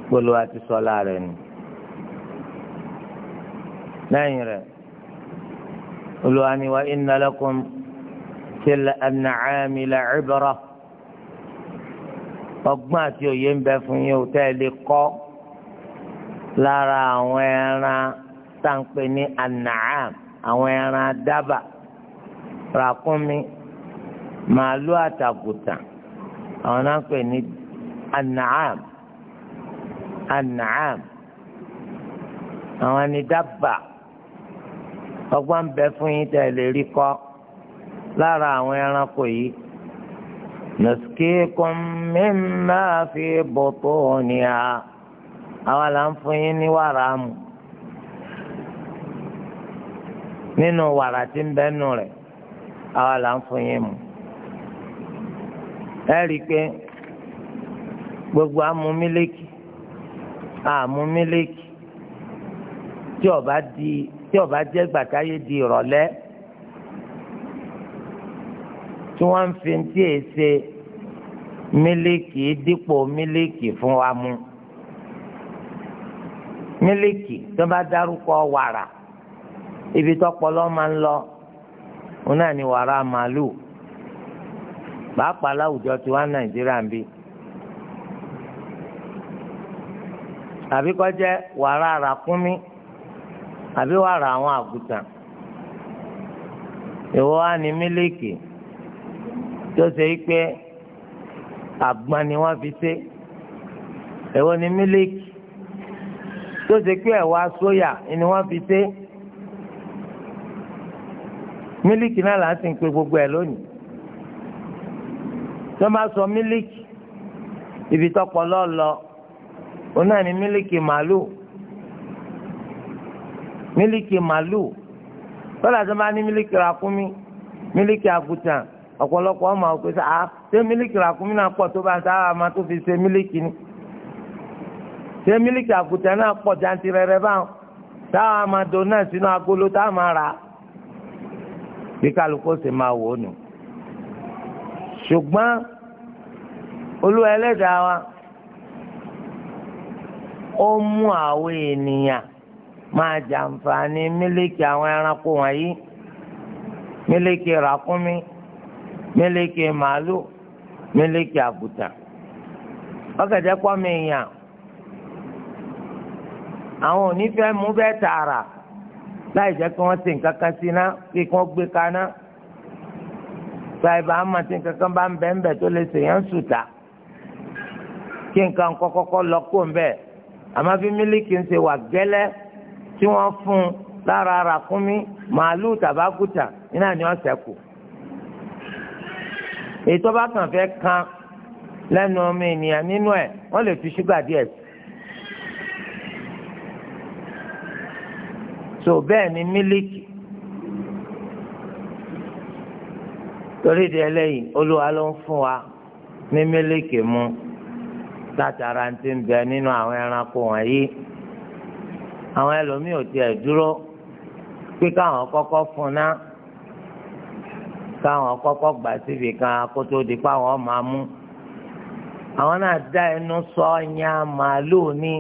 polówó àti sọ́lá rẹ̀ nù lẹ́yìn rẹ̀ olùwàníwá inna lakum fil an'ami la'ibra ọgbọ́n àti òye ń bẹ fún yín o tẹ́ ẹ lè kọ́ lára àwọn ẹran sáńpẹ ní anaam àwọn ẹran dábà ràkúnmi màálù àtàkùtàn àwọn náà pè ní anaam anaam àwọn ni dábà ọgbọ́n bẹ fún yín tẹ̀ lè rí kọ́ lára àwọn ẹranko yìí. نسقيكم مما في بطونها àwa là ń fún yín ní wàrà mu nínú wàrà tí ń bẹ́nu rẹ̀ àwa là ń fún yín mu ẹ rí i pé gbogbo amú mílíkì àmú mílíkì tí ó di tí ó bá gbàtáyé di ìrọ̀lẹ́ tí wọ́n ń fi tí èsè mílíkì dípò mílíkì fún wa mu. mílíkì tó bá dárúkọ wàrà ibi tọpọlọ máa ń lọ òun náà ni wàrà màálù pàápàá láwùjọ tí wà nàìjíríà ń bí àbí kó jẹ́ wàrà ràkúnmí àbí wàrà àwọn àgùtàn ìwọ wa ni mílíkì tó ṣe pé àgbọn ni wọ́n fi ṣe ìwọ ni miliki tó ṣe pé ẹ̀wà sóyà ni wọ́n fi ṣe mílíkì náà là ń sìn pé gbogbo ẹ̀ lónìí tó bá sọ mílíkì ibi tọpọ lọlọ òun náà ni mílíkì màálù mílíkì màálù tọ́lá tó bá ní mílíkì ràkúnmí mílíkì àgùtàn ọ̀pọ̀lọpọ̀ ọmọ òkè sáà ah, ṣé mílíkì ràkúnmí náà pọ̀ tó bá ń sáà máa tó fi ṣe mílíkì ni ṣé mílíkì àgùntàn náà pọ̀ jantirẹrẹ báwọn táwọn amado náà sínú agolo táwọn máa rà bí kálukú sì máa wò ó nù. ṣùgbọ́n olúwa ẹlẹ́dàá wa ó mú àwọn ènìyàn máa jàǹfààní mílíkì àwọn ẹranko wọ̀nyí mílíkì ràkúnmí mílíkì màálù mílíkì àgùntàn. ọ̀gẹ̀dẹ̀ pọ̀ mi yàn àwọn ò ní fẹ́ mú bẹ́ẹ̀ tààrà láì jẹ́ kí wọ́n ṣe nǹkan kan sí iná kí wọ́n gbé kaná ṣàìbá àmọ́ tí nǹkan kan bá ń bẹ̀ ń bẹ̀ tó lè ṣèyàn sùtà kí nǹkan kọ́kọ́kọ́ lọ kó ń bẹ̀ àmọ́ bí mílíkì ń ṣe wà gẹ́lẹ́ tí wọ́n fún un lára ràkúnmí màálù tàbákùtà iná ni wọ́n ṣẹ́kù èyí tó bá kàn fẹ́ kan lẹ́nu ọmọ ènìyàn nínú ẹ̀ wọ́n lè fi ṣúgà díẹ̀ sí so bẹ́ẹ̀ ni mílíkì torí di ẹlẹ́yìn olúwa ló ń fún wa ní mílíkì mu látara ti ń bẹ nínú àwọn ẹranko wọ̀nyí àwọn ẹlòmíì ò tiẹ̀ dúró pé káwọn kọ́kọ́ fún ná káwọn kọ́kọ́ gbà síbi kan kó di páwọn máa mú àwọn náà dá ẹnu sọ ọyàn màálù ni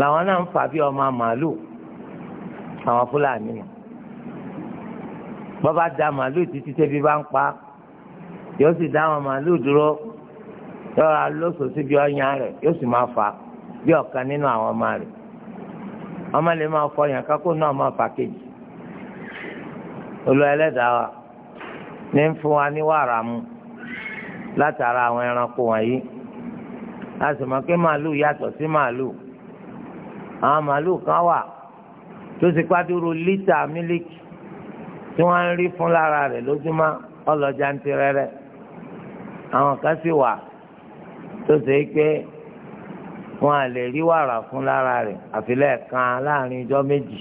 làwọn náà ń fà bí ọmọ màálù. So, àwọn fúlàní nù bọ́bá da màálù títí tẹ́bí bá ń pa yóò sì dá àwọn màálù dúró yóò ra lóṣooṣì bí ọyàn rẹ̀ yóò sì máa fà bí ọ̀kan nínú àwọn ọmọ ọmọ lè máa fọ yàn kákó náà máa fà kejì olú ẹlẹ́dàá wa ní ń fún wa ní wàrà mu látara àwọn ẹranko wọ̀nyí a àwọn màálù kan wà. tó sì pàdúró lítà mílíkì tí wọ́n ń rí fún lára rẹ̀ lójúmọ́ ọlọ́jà ń tirẹ̀ rẹ̀ àwọn kan sì wà tó sì pé wọn à lè rí wàrà fún lára rẹ̀ àfi lẹ́ẹ̀kan láàrin ijọ́ méjì.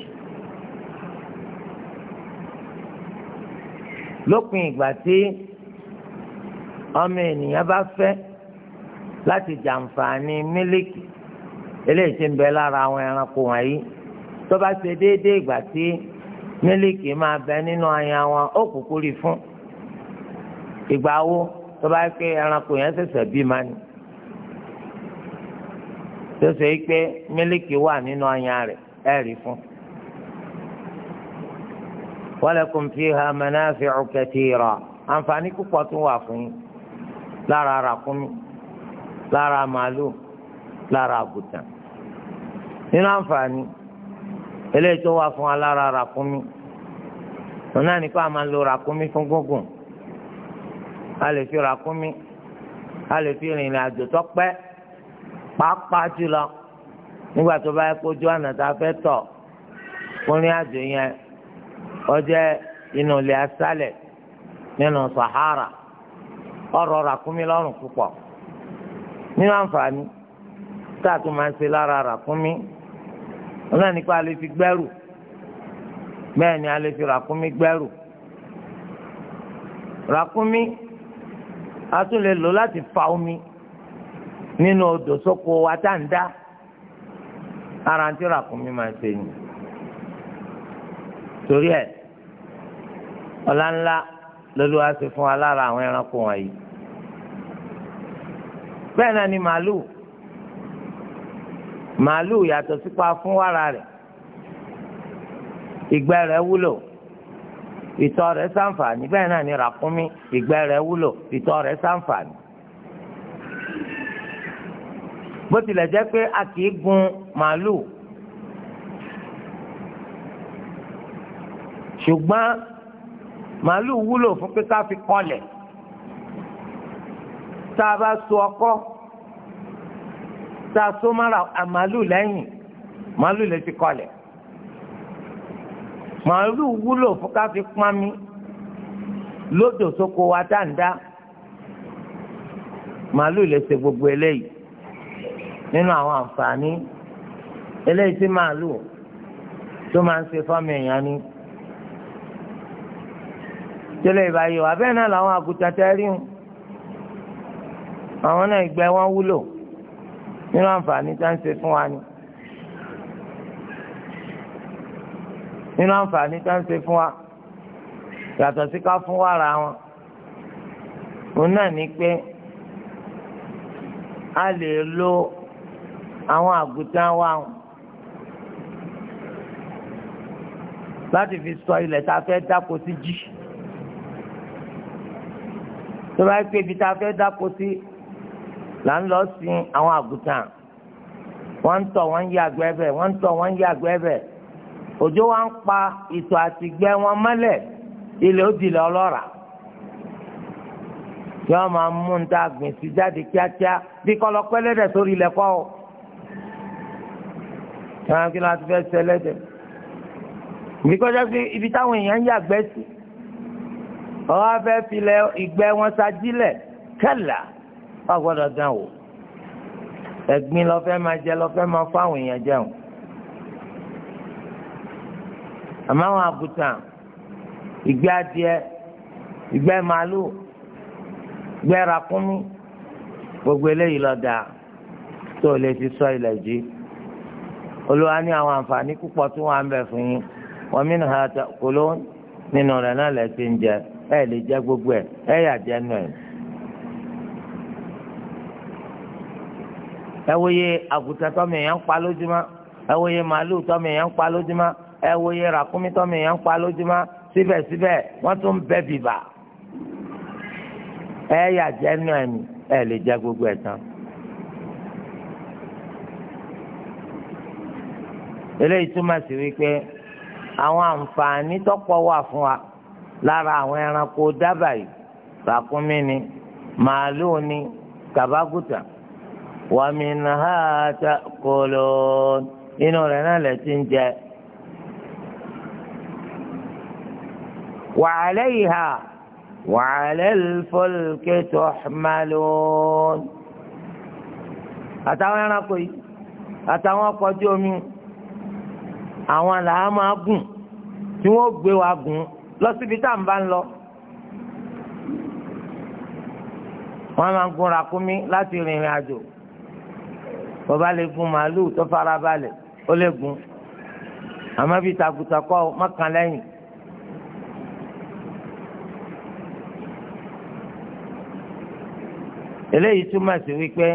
lópin ìgbà tí ọmọ ènìyàn bá fẹ́ láti jàǹfààní mílíkì eléyìí tí ń bẹ lára àwọn ẹranko wọ̀nyí tó bá ṣe déédéé ìgbà tí mílíkì máa bẹ nínú aya wọn ó kúkú rí fún ìgbà wo tó bá pé ẹranko yẹn ṣẹ̀ṣẹ̀ bí ma ni tó ṣe pé mílíkì wà nínú aya rẹ̀ ẹ rí fún. walakum fiha manafi'u katira àǹfààní púpọ̀ tún wà fún yín lára ràkúnmí lára màálù lára àgùtàn nínú àǹfààní. eléyìí tó fún wa lára ràkúnmí wọn náà nípa máa lo rakumi fún gúngùn a lè fi rakumi a lè fi rìnrìn àjò tó pẹ́ pàápàá jùlọ nígbà tó bá yẹ kó jó ànàtà tọ tọ̀ fúnrin àjò yẹn ó jẹ́ inú ilé aṣálẹ̀ nínú Sahara ọ̀rọ̀ ràkúnmí lọ́rùn púpọ̀ nínú àǹfààní tá a tún máa ń ṣe lára ràkúnmí. wọn náà nípa alẹ́ fi gbẹ́rù bẹ́ẹ̀ ni alẹ́ fi ràkúnmí gbẹ́rù ràkúnmí a tún lè lò láti fa omi nínú odò sóko wa tá ń dá ara ń tí ràkúnmí máa ṣe ni torí ẹ ọlá ńlá lọ́lọ́ ṣe fún wa lára àwọn ẹranko wọ̀nyí bẹ́ẹ̀ náà ni màálù màálùú yàtọ̀ sípa fún wàrà rẹ̀ ìgbẹ́ rẹ̀ wúlò ìtọ̀ rẹ̀ ṣàǹfààní bẹ́ẹ̀ náà ni ràkúnmí ìgbẹ́ rẹ̀ wúlò ìtọ̀ rẹ̀ ṣàǹfààní. bó tilẹ̀ jẹ́ pé a kì í gun màálùú ṣùgbọ́n màálùú wúlò fún pé ká fi kọlẹ̀ tá a bá so ọkọ́ tá a so mara màálù lẹ́yìn màálù lè ti kọlẹ̀ màálù wúlò fún ká fi pọnmi lódò sóko wa dáńdá màálù lè ṣe gbogbo eléyìí nínú àwọn àǹfààní eléyìí tí màálù tó máa ń ṣe fọ́ọ̀mù èèyàn ni tẹ́lẹ̀ ìbáyọ̀ abẹ́ẹ̀ náà làwọn àgùntàn tẹ́ rí wọn àwọn náà ìgbẹ́ wọn wúlò nínú àǹfààní tá ń ṣe fún wa ni nínú àǹfààní tá ń ṣe fún wa yàtọ̀ sí ká fún wàrà wọn òun náà ni pé a lè lo àwọn àgùntàn wa láti fi sọ ilẹ̀ tá a fẹ́ dáko sí jí tó bá pé ibi tá a fẹ́ dáko sí là ń lọ sin àwọn àgùntàn wọ́n ń tọ̀ wọ́n ń yàgbẹ́ bẹ̀ wọ́n ń tọ̀ wọ́n ń yàgbẹ́ bẹ̀ òjò wa ń pa ìtọ̀ àti gbẹ́ wọn mọ́lẹ̀ ilẹ̀ ó dilẹ̀ ọlọ́ra tí wọ́n máa mú un tá a gbìn sí jáde kíákíá bí kọ́lọ́pẹ́ lẹ́dẹ̀ sórí ilẹ̀ kọ́ o ẹ̀rọ kí ló ti fẹ́ ṣe bí kọjá sí ibi táwọn èèyàn ń yàgbẹ́ sí ọ̀hún afẹ́ filẹ̀ ìgbẹ́ wọn ṣajílẹ̀ kẹ́là. wọ́n gbọ́dọ̀ dán wò ẹ̀gbin lọ́fẹ́ máa jẹ lọ́fẹ́ máa fún àwọn èèyàn jẹun àmọ́ àwọn àgùntàn ìgbẹ́ adìẹ ìgbẹ́ màálù gbogbo eléyìí lọ dáa tó lè fi sọ ilẹ̀ jí olúwa ní àwọn àǹfààní púpọ̀ tí wọ́n á ń bẹ̀ fún yín wọ́n mí nìha kóló nínú rẹ̀ náà lẹ́sìn jẹ lè jẹ gbogbo yà nù ẹ wòye àgùntàn tọ́mọ èèyàn ń pa lójúmọ́ ẹ wòye màálùú tọ́mọ èèyàn ń pa lójúmọ́ ẹ wòye ràkúnmí tọ́mọ èèyàn ń pa lójúmọ́ síbẹ̀síbẹ̀ wọ́n tún bẹ́ bìbà ẹ yà jẹ́ nù ẹ̀mí ẹ lè jẹ gbogbo ẹ̀ tán. eléyìí túmọ̀ sí wípé àwọn àǹfààní tọ́pọ̀ wà fún wa lára àwọn ẹranko dábàá yìí ràkúnmí ni màálùú ni kàbágùtà wa minha ta'kulun inú rẹ̀ náà lẹ ti ń jẹ. wa 'alayha wa 'ala al-fulki tuhmalun. àtàwọn ẹranko yìí àtàwọn ọkọ̀ ojú omi àwọn làá máa gùn tí wọ́n gbé wa gùn lọ síbi tá à ń bá ń lọ. wọ́n máa ń gùn ràkúnmí láti rìnrìn àjò bàbá lè gun màálù tó fara balẹ̀ ó lè gun àmọ́ bíi takutakọ́ mọ́kàn lẹ́yìn. eléyìí túmọ̀ sí wípé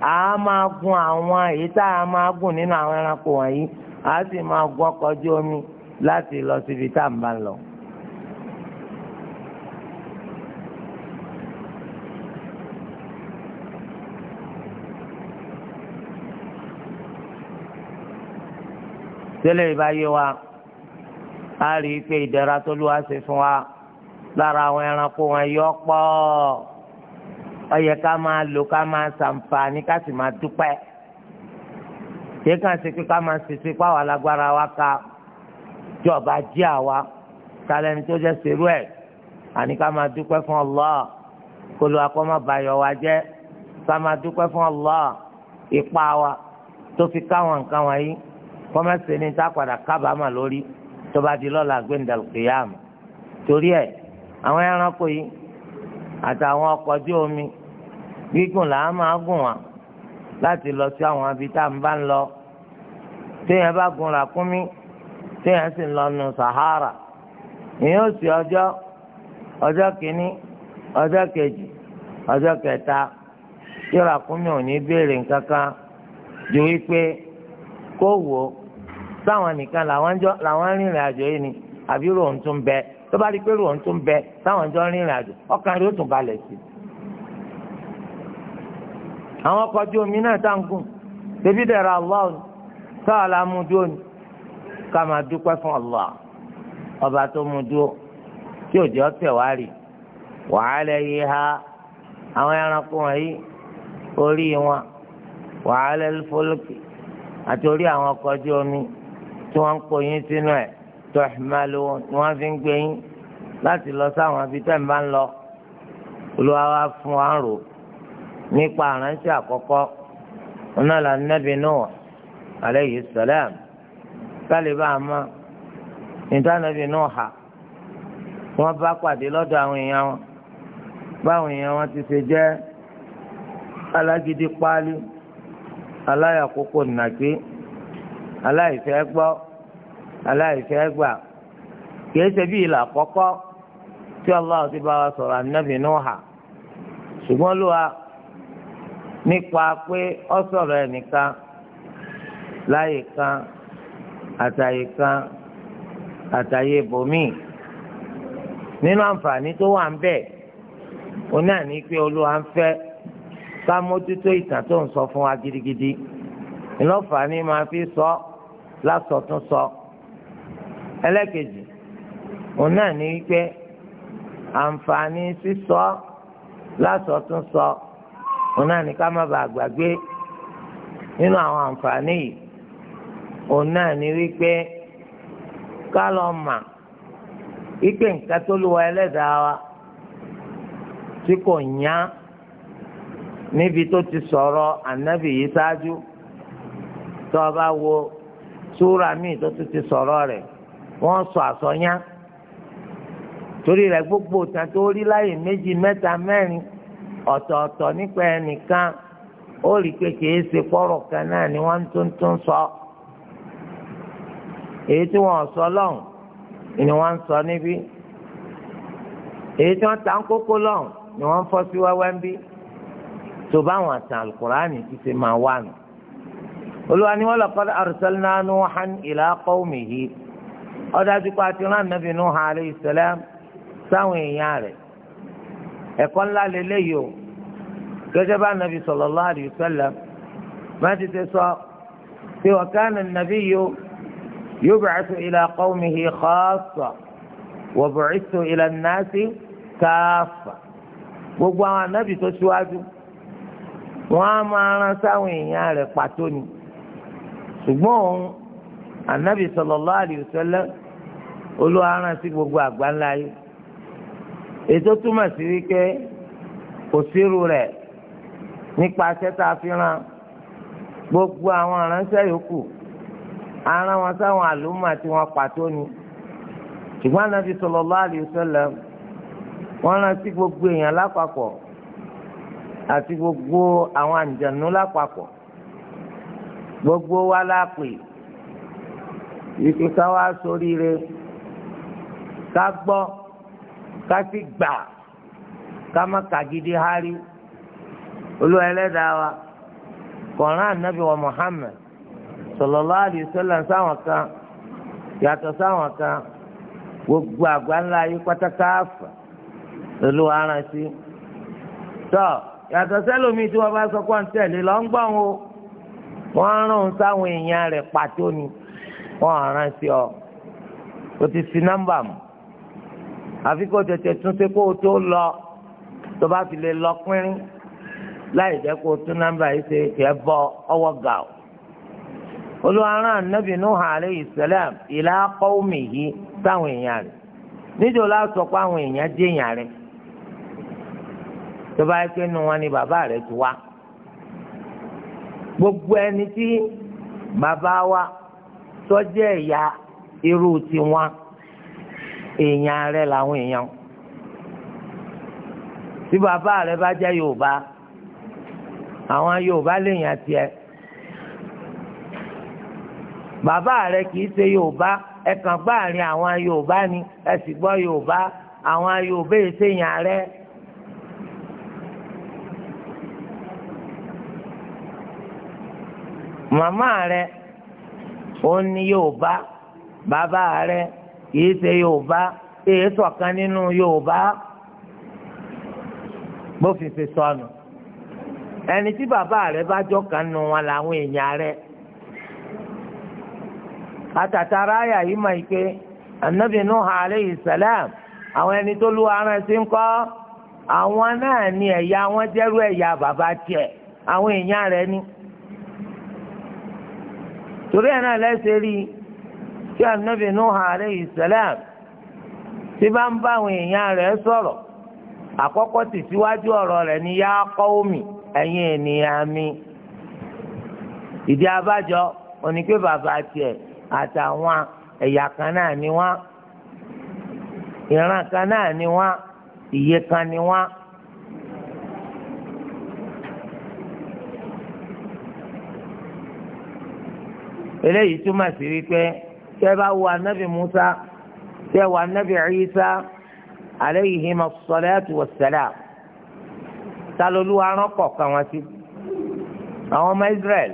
a máa gun àwọn èyí tá a máa gùn nínú àwọn ẹranko wọ̀nyí a sì máa gun ọkọ̀ omi láti lọ síbi tá à ń lọ. tẹ́lẹ̀ ìbá yé wa a rí i pé ìdẹ̀ra tó lù wá ṣe fún wa lára àwọn ẹranko wọn yọ pọ̀ ó yẹ ká máa lò ká máa ṣàǹfààní ká sì máa dúpẹ́ yẹ kàn sí pé ká máa ṣèṣe pàwọ́ alágbára wa ká jọba jí àwa kálẹ́ni tó jẹ́ serú ẹ̀ àní ká máa dúpẹ́ fún Allah kó ló akọ́ má bayọ̀ wa jẹ́ ká máa dúpẹ́ fún Allah ipá wa tó fi káwọn nǹkan wọ̀nyí kọ́mẹ́sì ni tá a padà kábàámà lórí tó bá di lọ́la gbẹ̀ndàlùkìyàmù torí ẹ̀ àwọn ẹranko yìí àtàwọn ọkọ̀ ojú omi gígùn làá máa gùn wá láti lọ sí àwọn ibi tá à ń bá ń lọ téèyàn bá gun ràkúnmí téèyàn sì ń lọ nu Sahara ìyẹn ó sì ọjọ́ ọjọ́ kìíní ọjọ́ kejì ọjọ́ kẹta tí ràkúnmí ò ní béèrè nǹkan kan ju wípé kó wò ó sáwọn nìkan làwọn rìnrìn àjò yìí ni àbí ròhùn tún bẹ tó bá rí pé ròhùn tún bẹ sáwọn jọ rìnrìn àjò ọkàn rẹ̀ ó tún balẹ̀ sí. àwọn ọkọ̀ omi náà tá ń gùn débi dẹ̀rọ Allah sáwọn la ni ká máa dúpẹ́ fún Allah ọba tó mú dúró tí òjò ọ̀tẹ̀ wá rì wàhálà yìí ha àwọn ẹranko wọ̀nyí orí wọn wàhálà fọlọ́kì àti orí àwọn ọkọ̀ ojú omi tí wọ́n ń kó yín sínú ẹ̀ tuhmalu ni wọ́n fi ń gbé yín láti lọ sáwọn ibi tẹ́ ń bá ń lọ olúwa wá fún wa ń rò nípa àránṣẹ́ àkọ́kọ́ ọ̀nà là Nabi Nuh alayhi salam kálíbà àmọ́ ìdánábì Nuh hà wọ́n bá pàdé lọ́dọ̀ àwọn èèyàn wọn báwọn èèyàn wọn ti ṣe jẹ́ alágídí páálí aláyàkókò nàgbé aláìfẹ́ gbọ́ aláìfẹ́ gbà kìí ṣe bí ìlà àkọ́kọ́ tí Allah ti bá wa sọ̀rọ̀ ànábì Nuha ṣùgbọ́n ló wa nípa pé ọ sọ̀rọ̀ ẹnìkan láyè kan àtàyè kan àtàyè bòmíì nínú àǹfààní tó wà ń bẹ ó náà ní pé olúwa ń fẹ́ ká mójútó ìtàn tó ń sọ fún wa gidigidi ìlọ́fàá ni màá fi sọ ọ́. lásọtún sọ ẹlẹ́kejì òun náà ní wípé àǹfààní sísọ lásọtún sọ òun náà ní ká má bàa gbàgbé nínú àwọn àǹfààní yìí òun náà ní wípé ká lọ mà wípé nǹkan tó lù wá ẹlẹ́dàá wa tí kò nyá níbi tó ti sọ̀rọ̀ ànábì yìí ṣáájú tó o bá wo. súra míì tó tún ti sọ̀rọ̀ rẹ̀ wọ́n sọ àsọyán torí rẹ̀ gbogbo ìtàn tó rí láyè méjì mẹ́ta mẹ́rin ọ̀tọ̀ọ̀tọ̀ nípa ẹnìkan ó rí pé kìí ṣe pọ́rọ̀ kan náà ni wọ́n tún tún sọ èyí tí wọ́n sọ lọ́hùn ni wọ́n sọ níbí èyí tí wọ́n ta ń kókó lọ́hùn ni wọ́n fọ́ sí wẹ́wẹ́ ń bí tó báwọn àtàn àlùkùránì ti ṣe máa wà nù olúwa ni wa laqad arsalna Nuhan ila qawmihi ọ̀dájú pa àti rán nàbì Nuh alayhi salam sáwọn èèyàn rẹ̀ ẹ̀kọ́ ńlá lélẹ́yìí o gẹ́gẹ́ bá nàbì sallallahu alayhi wasallam má ti ti sọ pé wa kana an-nabiyyu yub'athu ila qawmihi khassa wa bu'ithtu ila an-nasi kaffa gbogbo àwọn ànábì tó ṣíwájú wọ́n á máa rán sáwọn èèyàn rẹ̀ pàtó ni ṣùgbọ́n òun anabi sallallahu alayhi wa sallam olúwa rán sí gbogbo àgbáńlá yìí ètò túmọ̀ sí wípé kò sírú rẹ̀ nípa aṣẹ́ tá a fi rán gbogbo àwọn aránṣẹ́ yòókù ara wọn sáwọn àlùmọ́ àti wọn pàtó ni ṣùgbọ́n anabi sallallahu alayhi wa wọ́n rán sí gbogbo èèyàn lápapọ̀ àti gbogbo àwọn àǹjànú lápapọ̀ gbogbo wa lápè ìpè ká wá sóríire ká gbọ́ ká sì gbà ká má kàgídí hárí olú ẹlẹ́dàá wa kọ̀ọ̀rán ànábì wa Muhammad sallallahu alaihi wasallam sáwọn kan yàtọ̀ sáwọn kan gbogbo àgbáńlá yìí pátákáfà olú aránsí tọ́ yàtọ̀ sẹ́lómi tí wọ́n bá sọ pé ń tẹ̀lé lọ́ o. wọ́n rán sáwọn èèyàn rẹ̀ pàtó ni wọ́n rán sí ọ kò ti sí nọ́mbà mu àfi kó tètè tún ṣe kó o tó lọ tó bá fi lè lọ pínrín láì kó o tún nọ́mbà yìí ṣe kẹ́ bọ́ ọwọ́ gà o. olùwàrán anabi nuhu alayhi salam ìlà qawmihi sáwọn èèyàn rẹ̀ níjọ́ la sọ pé àwọn èèyàn dé èèyàn rẹ̀ tó bá yẹ kí nu wọn ni bàbá rẹ̀ ti wá. gbogbo ẹni tí bàbá wa tọ́jú ẹ̀yà irú tiwọn èèyàn rẹ làwọn èèyàn tí bàbá rẹ bá jẹ́ Yorùbá àwọn Yorùbá lèèyàn tiẹ̀ bàbá rẹ kìí ṣe Yorùbá ẹ̀kan gbáàrin àwọn Yorùbá ni ẹ sì gbọ́ Yorùbá àwọn Yorùbá èsèèyàn rẹ. màmá rẹ ó ní Yorùbá bàbá rẹ kìí ṣe Yorùbá èyí ṣọ̀kan nínú Yorùbá bófin ṣe sọnù ẹni tí bàbá rẹ bá jọ̀kan nù wọn làwọn èèyàn rẹ àtàtàrà àyà yìí máa ike anabi nuhu aleyhi salam àwọn ẹni tó lu ara sí ń àwọn náà ni ẹ̀yà wọn jẹ́rú ẹ̀yà bàbá tiẹ̀ àwọn èèyàn rẹ ni. torí ẹ náà lẹ́sẹ̀ rí kí anabi nuhu alayhi salam tí bá ń bá àwọn èèyàn rẹ̀ sọ̀rọ̀ àkọ́kọ́ tì ọ̀rọ̀ rẹ̀ ní yá qaumi ẹ̀yin ènìyàn mi ìdí abájọ òní bàbá tiẹ̀ àtàwọn ni wọ́n eléyìí túmọ̀ sí wípé tẹ́ bá wo anabi musa tẹ́ wo anabi isa alayhi masalatu wassalam talolu arán kọ̀ọ̀kan wọn sí àwọn ọmọ israel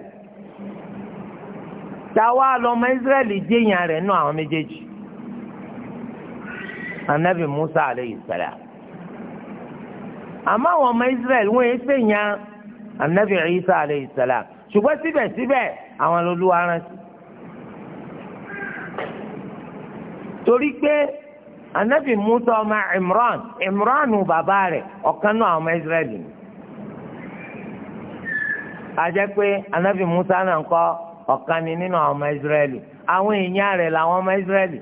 táwa lọmọ israel jẹ́yàn rẹ̀ nù àwọn méjèèjì anabi musa alayhi salam àmọ́ àwọn ọmọ israel wọ́n yẹ sèyàn anabi isa alayhi salam ṣùgbọ́n síbẹ̀síbẹ̀ àwọn lolúwa rán sí. torí pé anabi musa ọmọ imran imran bàbá rẹ̀ ọ̀kan náà ọmọ israẹli ni àjẹ pé anabi musa náà ń kọ ọ̀kan ni nínú ọmọ israẹli àwọn èèyàn rẹ̀ làwọn ọmọ israẹli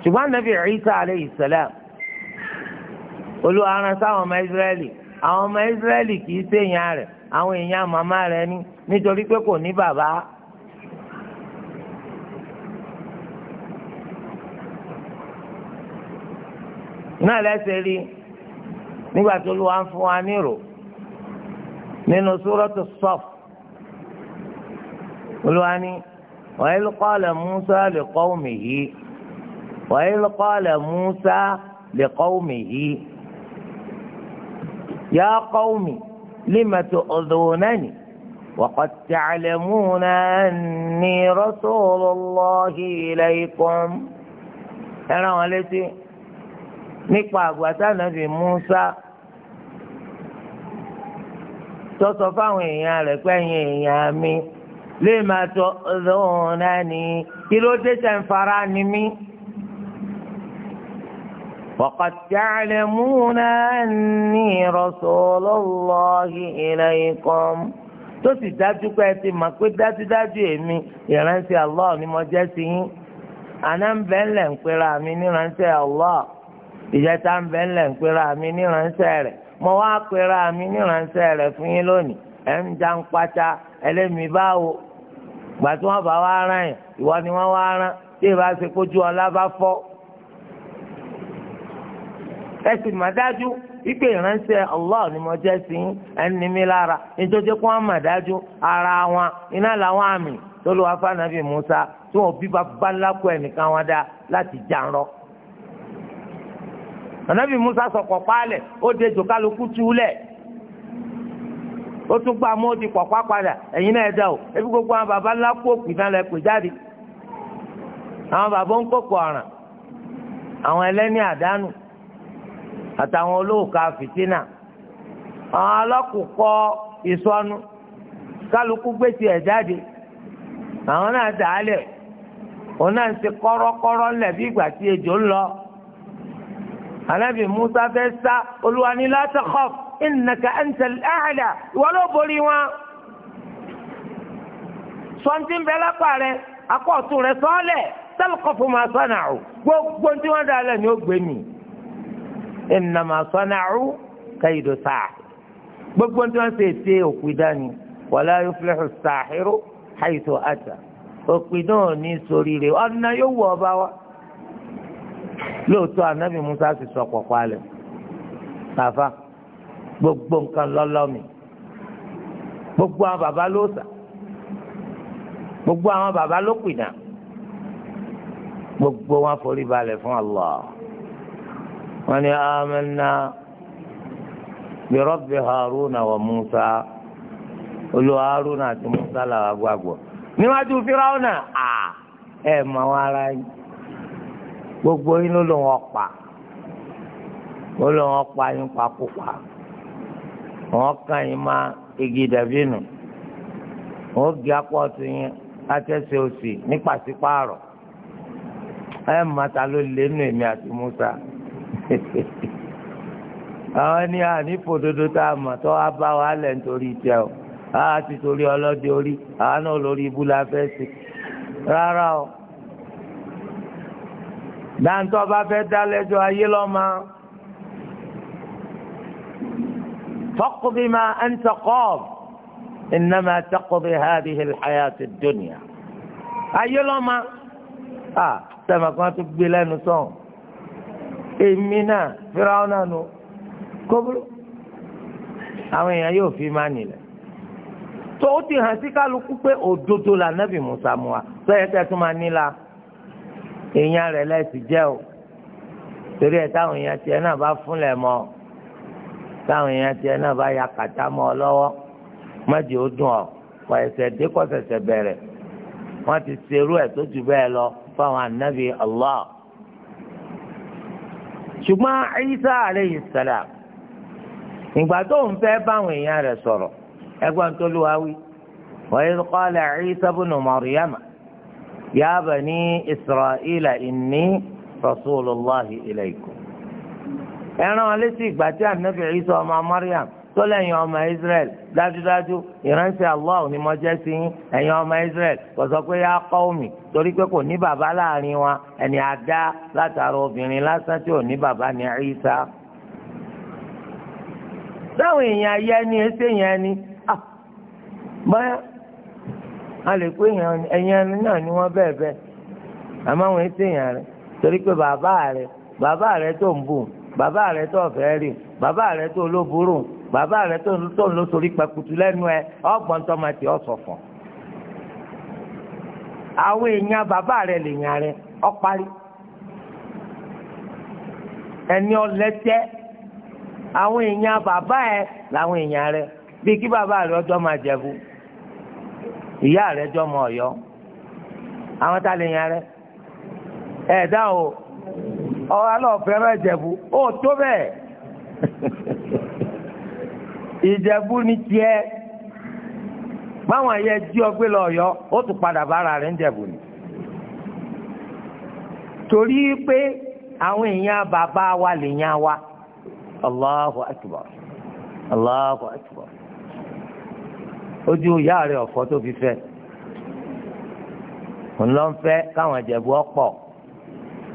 ṣùgbọ́n anabi isa aleyhi salam olùwàrán sáwọn ọmọ israẹli àwọn ọmọ israẹli kì í ṣèyàn rẹ̀ àwọn èèyàn màmá rẹ̀ ni nítorí pé kò ní bàbá. náà lẹ́sẹ̀ rí nígbà tó lù wá ń fún wa nírò nínú sórọ́tò sọ́f olúwa ní wa idh qala Musa liqawmihi wa idh qala Musa liqawmihi ya qawmi lima tu'dhunani وقد تعلمون أني رسول الله إليكم أنا ولتي nípa àgbàtà nàbì Musa tó fáwọn èèyàn rẹ̀ pé ẹ̀yin èèyàn mi lè máa tọ ọ̀dọ́wọ̀n náà ní kí ló dé ń fara ni mí. tó sì dájú pé ẹ ti mọ̀ pé dájúdájú èmi Allah ìjẹta ń bẹ ńlẹ̀ ń pera mi rẹ̀ mo wá pera mi níránṣẹ́ rẹ̀ fún yín lónìí ẹ ń já ń pátá ẹlẹ́mìí báwo gbà tí wọ́n bá wá rán yẹn ìwọ ni wọ́n wá rán tí ìbá ṣe kójú ọlá bá fọ́ ẹ mi lára nítorí ara Musa tí wọ́n bí bá bá ńlá kó ẹnìkan ànábì musa sọ̀kọ̀ paálẹ̀ ó de jò kálukú túlẹ̀ ó tún gba mọ́ ó di pọ̀pá padà ẹ̀yin náà ẹ dá o ebi gbogbo àwọn baba ńlá kó òkú náà lẹ pè jáde àwọn baba ń kókò ọ̀ràn àwọn ẹlẹ́ni àdánù àtàwọn olóòka fìtínà àwọn ọlọ́kùnkọ́ ìsọnù kálukú gbé tiẹ̀ jáde àwọn náà dàálẹ̀ òun náà ń ṣe kọ́rọ́kọ́rọ́ ńlẹ̀ bí ìgbà tí ejò ń lọ anabi musa fẹ́ sá olúwa ní la takhaf innaka anta al-a'la ìwọ ló borí wọn. sọ́ńtì ń bẹ lápá rẹ akọ́ọ̀tù rẹ sọ́ọ́lẹ̀ talqafu ma sana'u gbogbo tí wọ́n dá lẹ̀ ni ó gbé mi. innama sana'u kaydu sahir gbogbo tí wọ́n ṣe ṣe òkú dání wala yuflihu as-sahiru haythu ata òkú náà ní sóríire ọ̀nà yóò wọ ọba wa lóòótọ́ anabi musa sì sọ pọ̀pọ̀ alẹ̀ tàfà gbogbo nǹkan lọ́lọ́mì gbogbo àwọn baba ló sà gbogbo àwọn baba ló pìnà gbogbo wọn forí balẹ̀ fún Allah wọn ni amanna bi haruna wa musa olùwà haruna àti musa làwọn agbàgbọ́ níwájú firawuna à ẹ̀ mọ̀ wọn ara yìí gbogbo yín ló lò wọ́n pa ó lò wọ́n pa yín pakópa wọ́n kàn yín má igi dàbí nù wọ́n gé apọ́tù yín látẹ̀sẹ̀ òsì ní pàṣípààrọ̀ ẹ màtá ló lé nù èmi àti Musa àwọn ní ànífò dodo tá a mọ̀ tó wá bá wa lẹ̀ nítorí tẹ o àá ti torí ọlọ́dẹ orí àánú lórí ibú la fẹ́ sí rárá o dáńtọ́ bá fẹ́ dá lẹ́jọ́ ayé lọ́mọ. فاقض ما أنت قاض إنما تقضي هذه الحياة الدنيا ayé lọ́mọ à sẹ́mi kan tó gbé lẹ́nu sọ̀n èmi náà fíráwọ́ náà nù kóbúrú àwọn èèyàn yóò fi máa nílẹ̀ tó o ti hàn sí kálukú pé òdodo là nábì Mùsá mu wa sọ yẹ kẹ́ ẹ tún máa nílà. èèyàn rẹ̀ lẹ́sìn jẹ o torí ẹ̀ táwọn èèyàn tiẹ̀ náà bá fúnlẹ̀ mọ́ ọ táwọn èèyàn tiẹ̀ náà bá ya kàtá mọ ọ lọ́wọ́ mọ́jì ó dùn ọ wà ẹsẹ̀ dé kọ́ ṣẹ̀ṣẹ̀ bẹ̀rẹ̀ ti tó jù lọ fáwọn ànábì Allah ṣùgbọ́n Isa alayhi salam ìgbà tó ń báwọn èèyàn tó lù wá wí يا بني إسرائيل إني رسول الله إليكم ẹran alẹ́sì ìgbà tí anabi Isa ọmọ Mariam tó lẹ́yìn ọmọ Israel dájúdájú Allah ni mo jẹ sí yín ọmọ Israel kò sọ pé yá omi torí pé kò ní bàbá láàrin wa ẹni àdá látara obìnrin lásán tí ò ní bàbá ní Isa. a lè pé ẹ̀yìn ẹni náà ni wọ́n bẹ́ẹ̀ bẹ́ẹ̀ àmọ́ àwọn ètò èèyàn rẹ̀ torí pé bàbá rẹ̀ bàbá rẹ̀ tó ń bù bàbá rẹ̀ tó ọ̀fẹ́ rì bàbá rẹ̀ tó lóburú bàbá rẹ̀ tó ń lọ sórí pẹkutu lẹ́nu ẹ ọgbọ́n tọ́mọtì ọ̀sọ̀fọ̀ àwọn èèyàn bàbá rẹ lèèyàn rẹ ọparí ẹni ọlẹtẹ àwọn èèyàn bàbá ẹ làwọn èèyàn rẹ bí kí bàbá rẹ ọjọ́ máa jẹ̀bú ìyá rẹ jọ mọ Ọ̀yọ́ àwọn tá a lè yan rẹ ẹ dá o ọ̀rọ̀ alọ́ọ̀fẹ́ rẹ Ìjẹ̀bú ó tó bẹ́ẹ̀ Ìjẹ̀bú ni báwọn ẹ̀yẹ jí ọ lọ Ọ̀yọ́ ó tún padà bára rẹ̀ ń ni torí pé àwọn èèyàn bàbá wa lè wa ojú ìyá rẹ̀ ọ̀fọ́ tó fi fẹ́ òun ló ń fẹ́ káwọn ìjẹ̀bú ọ̀pọ̀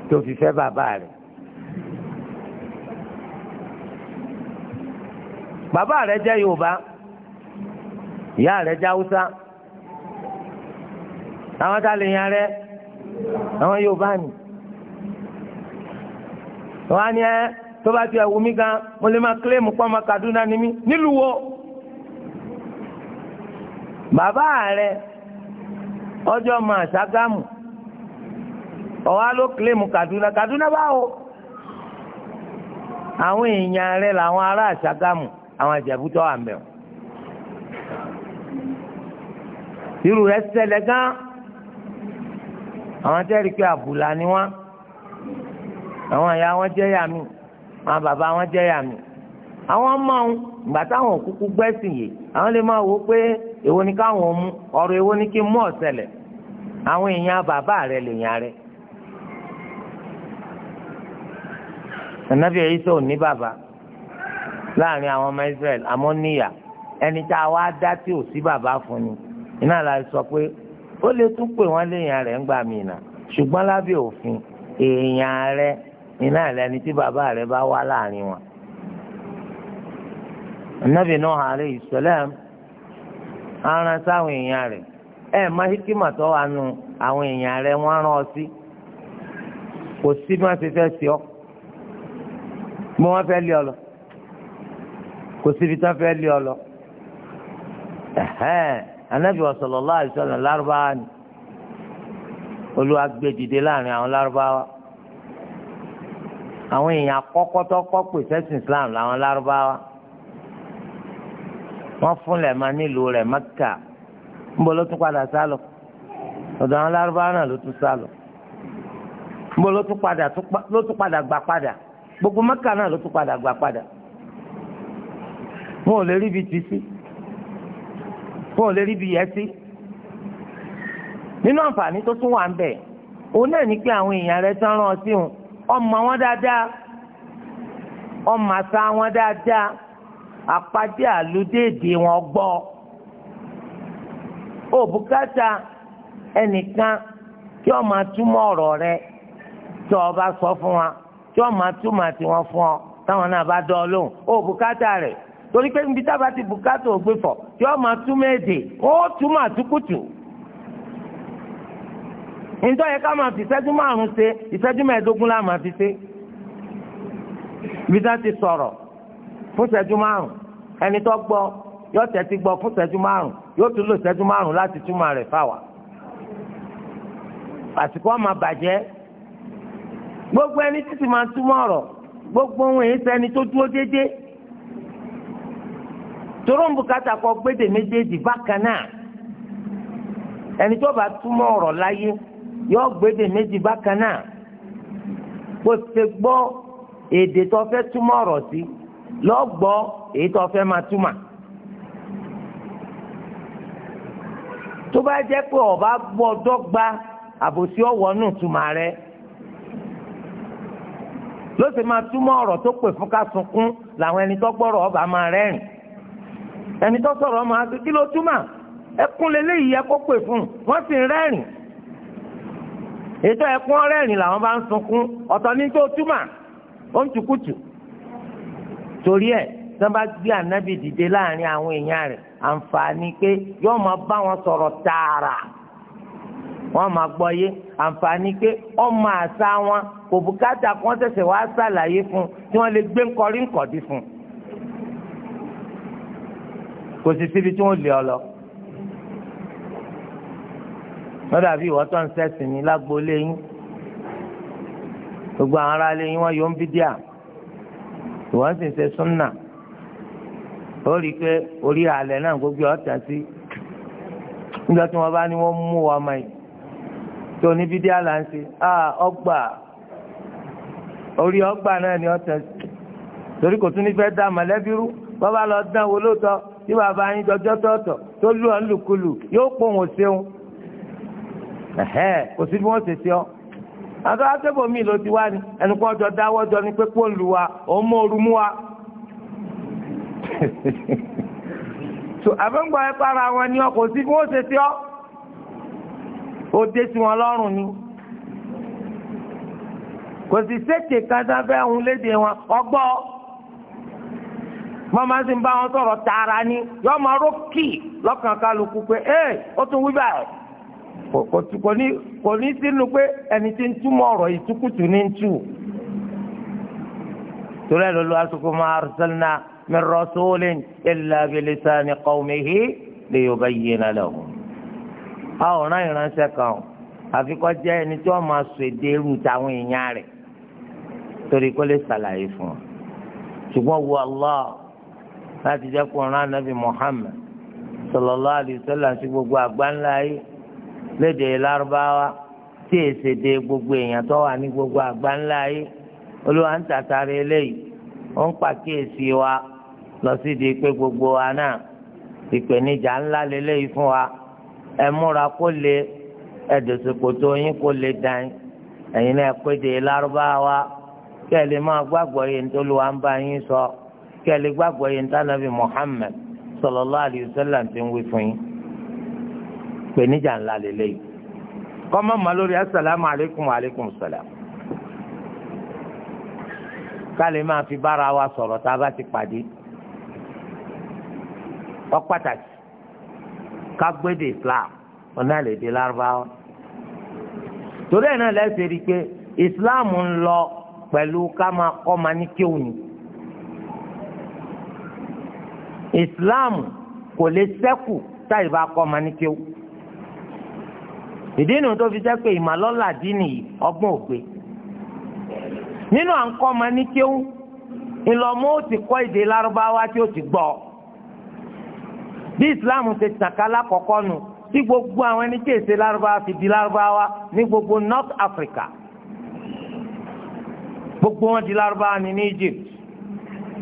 tó fi fẹ́ bàbá rẹ̀ bàbá rẹ̀ jẹ́ Yorùbá ìyá rẹ̀ jẹ́ Haúsá àwọn tá a lè yan rẹ̀ àwọn Yorùbá ni wọ́n á ní ẹ tó bá ti ẹ̀wù mí gan mo lè máa kílèmù pọ́n ọmọ Kaduna ni mí nílùú wo bàbá rẹ ọjọ́ máa ṣàgámù ọ̀wá ló kílèmù Kaduna Kaduna báwo àwọn èèyàn rẹ làwọn ará ṣàgámù àwọn àjẹbútọ́ àmẹ́wò irú rẹ ṣẹlẹ̀ gan àwọn tẹ́rì pé àbùlà ni wọ́n àwọn àyà wọn jẹ́ yà mí àwọn bàbá wọn jẹ́ yà mí àwọn ọmọ òun gbàtà àwọn òkúkú gbẹ́sìn yìí àwọn lè máa wò pé èwo ni káwọn mú ọ̀rọ̀ èwo ni kí mú ọ̀sẹ̀lẹ̀ àwọn èèyàn bàbá rẹ̀ lè yàn rẹ̀. Ànábì Ìsá ò ní bàbá láàrin àwọn ọmọ Israel àmọ́ níyà ẹni tá a wá dá tí ò sí bàbá fún ni iná la sọ pé ó lè tún pè wọ́n léèyàn rẹ̀ ńgbà mìíràn ṣùgbọ́n lábẹ́ òfin èèyàn rẹ̀ iná lẹni tí bàbá rẹ̀ bá wá láàrin wọn. Ànábì Nuh alayhi salam. aran sáwọn èèyàn rẹ̀ ẹ má hikima tó wà nù àwọn èèyàn rẹ̀ wọ́n rán ọ sí kò sí bí wọ́n ti sí ọ lé ọ lọ kò síbi tí wọ́n fẹ́ lé ọ lọ anabi sallallahu alaihi lárúbáwá ni olúwa gbé dìde láàrin àwọn lárúbáwá àwọn èèyàn islam làwọn lárúbáwá. La wọ́n fúnlẹ̀ máa nílùú rẹ̀ mẹ́kà ńbọ ló tún padà sálọ ọ̀dọ̀ àwọn lárúbáwá náà ló tún sálọ ńbọ ló tún padà ló tún padà gbà padà gbogbo mẹ́kà náà ló tún padà gbà padà wọn ò lè rí ibi tì sí wọn ò lè rí ibi yẹ sí nínú àǹfààní tó tún wà ń bẹ̀ òun náà ní pé àwọn èèyàn rẹ̀ tán rán ọmọ wọn dáadáa ọmọ àṣà wọn dáadáa àpàdé àlùdéèdè wọn gbọ́ òbúkátà ẹnìkan tí wọ́n máa túmọ̀ ọ̀rọ̀ rẹ tí wọ́n bá sọ fún wa tí wọ́n máa túmọ̀ tiwọn fún ọ táwọn náà bá dán ọ lóhùn òbúkátà rẹ̀ torí pé níbi tá a bá ti bùkátà ògbé fọ tí wọn máa túmọ̀ èdè ó túmọ̀ àtúkùtù. nítorí yẹ ká máa fi ìṣẹ́jú márùn-ún ṣe ìṣẹ́jú mẹ́ẹ̀ẹ́dógún la máa ṣe. ibi tá ti sọ̀rọ̀ fún ìṣẹ́jú márùn ẹni tó gbọ́ yóò tẹ́tí gbọ́ fún ìṣẹ́jú márùn yóò tún lò ìṣẹ́jú márùn láti túmọ̀ rẹ̀ fáwa. àsìkò ọmọ gbogbo ẹni títí máa túmọ̀ gbogbo ohun èyí sẹ́ni tó dúró kọ gbédè méjèèjì bákan náà ẹni tó bá túmọ̀ ọ̀rọ̀ láyé yóò gbédè lọ́gbọ́ èyí tó fẹ́ máa túmà tó bá jẹ́ pé ọba gbọ́ dọ́gba àbòsí ọ̀wọ́ nù túmà rẹ ló sì máa túmọ̀ ọ̀rọ̀ tó pè fún ká sunkún làwọn ẹni tó gbọ́rọ̀ ọba máa rẹ́rìn ẹni tó sọ̀rọ̀ ọmọ kí ló túmà ẹkún lélẹ́yìí yẹ kó pè fún wọ́n sì ń rẹ́rìn ètò ẹkún rẹ́rìn làwọn bá ń sunkún ọ̀tọ̀ ní tó túmà ó ń tukùtù torí ẹ̀ tí wọ́n bá gbé ànábì dìde láàrin àwọn èèyàn rẹ̀ àǹfààní pé yóò máa bá wọn sọ̀rọ̀ tààrà wọ́n máa gbọ́ yé àǹfààní pé ọmọ àṣà wọn kò bùkátà kí wọ́n ṣẹ̀ṣẹ̀ wá ṣàlàyé fún tí wọ́n lè gbé ńkọrí ńkọ̀dí fún kò sì síbi tí wọ́n lè ọ lọ. wọ́n dàbí ìwọ tó ń ṣẹ̀sìn ní lágbo léyìn gbogbo àwọn ará léyìn wọ́n yóò ń bí díà ìwọ́n sì ń ṣe súnà ó rí i pé orí àlẹ́ náà gbogbo ọ̀tá sí nígbà tí wọ́n bá ní wọ́n mú ọmọ yìí tó ní bídí àlàǹsì ọgbà orí ọgbà náà ni ọ̀tá sí torí kò tún ní fẹ́ dá mọ̀lẹ́bí rú bọ́bá lọ dán wo lóòótọ́ tí bàbá yín jọjọ́ tọ̀ọ̀tọ̀ tó lù ọ́ ń lùkulù yóò pòun ò ṣeun kò sí bí wọ́n ṣe ṣe ọ́ àti akébò mi ló ti wá ni ẹnu kó ọjọ́ dáwọ́ jọ ni pé kó lù wa òun mọ òru mú wa. so àbẹ̀ǹgbọ̀ ẹ para wọn ni ọkọ̀ sí fún òṣè tí ọ́ ó dé sí wọn lọ́rùn ni kò sì sékè kátà fẹ́ òun léde wọn ọgbọ́ mọ́mọ́ sì ń bá wọn sọ̀rọ̀ tààrà ni yọ́ọ́ máa rókì lọ́kàn kálukú pé ẹ́ ó tún wí báyìí kò ní sínú pé ẹni tí ń túmọ̀ ọ̀rọ̀ ìtukùtù ní ń tù torí ẹ̀ lọ́lọ́ àtúkò máa arsalna min rasulin illa bi lisani qawmihi liyubayyina lahum. a ò rán ìránṣẹ́ kan àfi ẹni tí wọ́n máa sọ èdè irú táwọn èèyàn rẹ̀ torí kó lè ṣàlàyé fún wọn. ṣùgbọ́n wo Allah láti jẹ́ kó rán anábì Muhammad sallallahu alaihi sí gbogbo àgbáńlá yìí. lédè lárúbáwá tí èsè de gbogbo èèyàn tó ní gbogbo àgbáńlá yìí olúwa ń tàtàrí eléyìí ó ń pàkíyèsí wa lọ sí di pé gbogbo wa náà ìpèníjà ńlá lélẹ́yìí fún wa ẹ múra kó lè ẹ̀dọ̀sọ̀kòtò yín kó lè dàn náà péde kí ẹ lè máa gbàgbọ́ yìí tó lu wa sọ kí ẹ lè gbàgbọ́ yìí Muhammad sallallahu ti ń wí fún ìpèníjà ńlá lélẹ́yìí kọ́mọ́ mọ́ lórí asalaamu aleykum wa aleykum salaam ká lè máa fi bára wa sọ̀rọ̀ tá a bá ti pàdé ó pàtàkì ká gbédè Islam ọ̀nà àlèdè lárúbáwá torí ẹ̀ náà lẹ́sẹ̀ rí i pé Islam ń lọ pẹ̀lú ká máa ní kéwù Islam kò lè sẹ́kù táyì bá kọ́ ní kéwù ìdí nu tó fi jẹ́ pé ìmàlọ́là dín ní ọgbọ́n ògbé nínú à ń kọ́ ọmọ ní kéwú ìlọ́mọ ó ti kọ́ èdè lárúbáwá tí ó ti gbọ́ bí islam ṣe tàkà lákọ̀ọ́kọ́ nu tí gbogbo àwọn ẹni tí èsè lárúbáwá fi di lárúbáwá ní gbogbo North Africa gbogbo wọn di lárúbáwá ní ní Egypt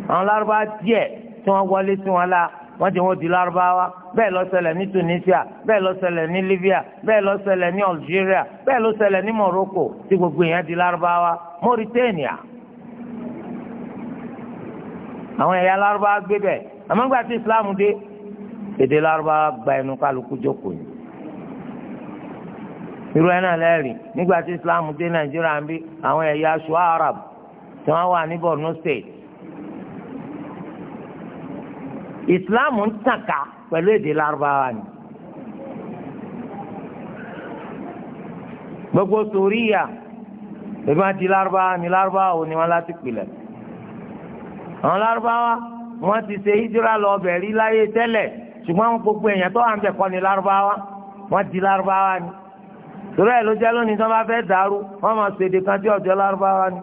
àwọn lárúbáwá díẹ̀ tí wọ́n wọlé sí wọn la wọ́n ti wọ́n di lárúbáwá bẹ́ẹ̀ ló ṣẹlẹ̀ ní Tunisia bẹ́ẹ̀ ló ṣẹlẹ̀ ní Libya bẹ́ẹ̀ ló ṣẹlẹ̀ ní Algeria bẹ́ẹ̀ ló ṣẹlẹ̀ ní Morocco gbogbo yẹn di Lárúbáwá Mauritania àwọn ẹ̀yà Lárúbáwá gbé bẹ̀ àmọ́ tí Islam dé èdè gba ẹnu kálukú jókòó ni irú ẹ̀ náà lẹ́rìn nígbà tí Islam dé Nàìjíríà ń bí àwọn ẹ̀yà Shua Arab tí wọ́n wà ní Borno State Islam ń tàn pẹ̀lú èdè lárúbáwá ni. gbogbo sòríyà ebi wọn ti lárúbáwá ni lárúbáwá ò ní wọn láti pilẹ̀. àwọn lárúbáwá wọn ti ṣe hijira lọ bẹ̀rí láyé tẹ́lẹ̀ ṣùgbọ́n àwọn gbogbo èèyàn tó wà ń bẹ̀ kọ́ ni lárúbáwá wọn ti lárúbáwá ni. sòrí ẹ̀ ló jẹ́ lónìí tí wọ́n bá fẹ́ dàrú wọ́n máa ṣèdè kan tí ọ̀jọ́ lárúbáwá ni.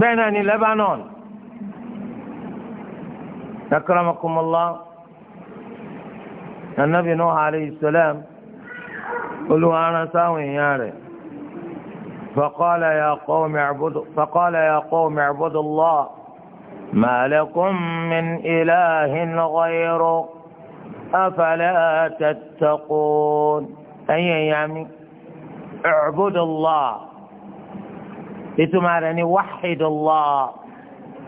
bẹ́ẹ̀ náà ni Lebanon أكرمكم الله النبي نوح عليه السلام قل أنا ساوي ياري يعني. فقال يا قوم اعبدوا فقال يا قوم اعبدوا الله ما لكم من إله غيره أفلا تتقون أي يعني اعبدوا الله إتمارني وحد الله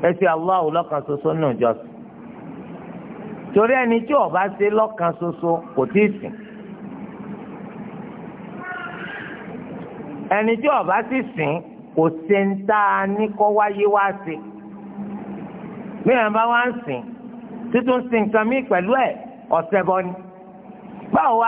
إتي الله لك سنة جسد torí ẹni tí ó bá ṣe lọ́kan ṣoṣo kò tí ì sìn ẹni tí ó bá sì sìn kò ṣe ń tá a kọ́ wáyé wá sí bí ẹ̀ bá wá ń sìn títún sìn nǹkan mí pẹ̀lú ẹ̀ ọ̀sẹ̀ bọ́ ni báwo wá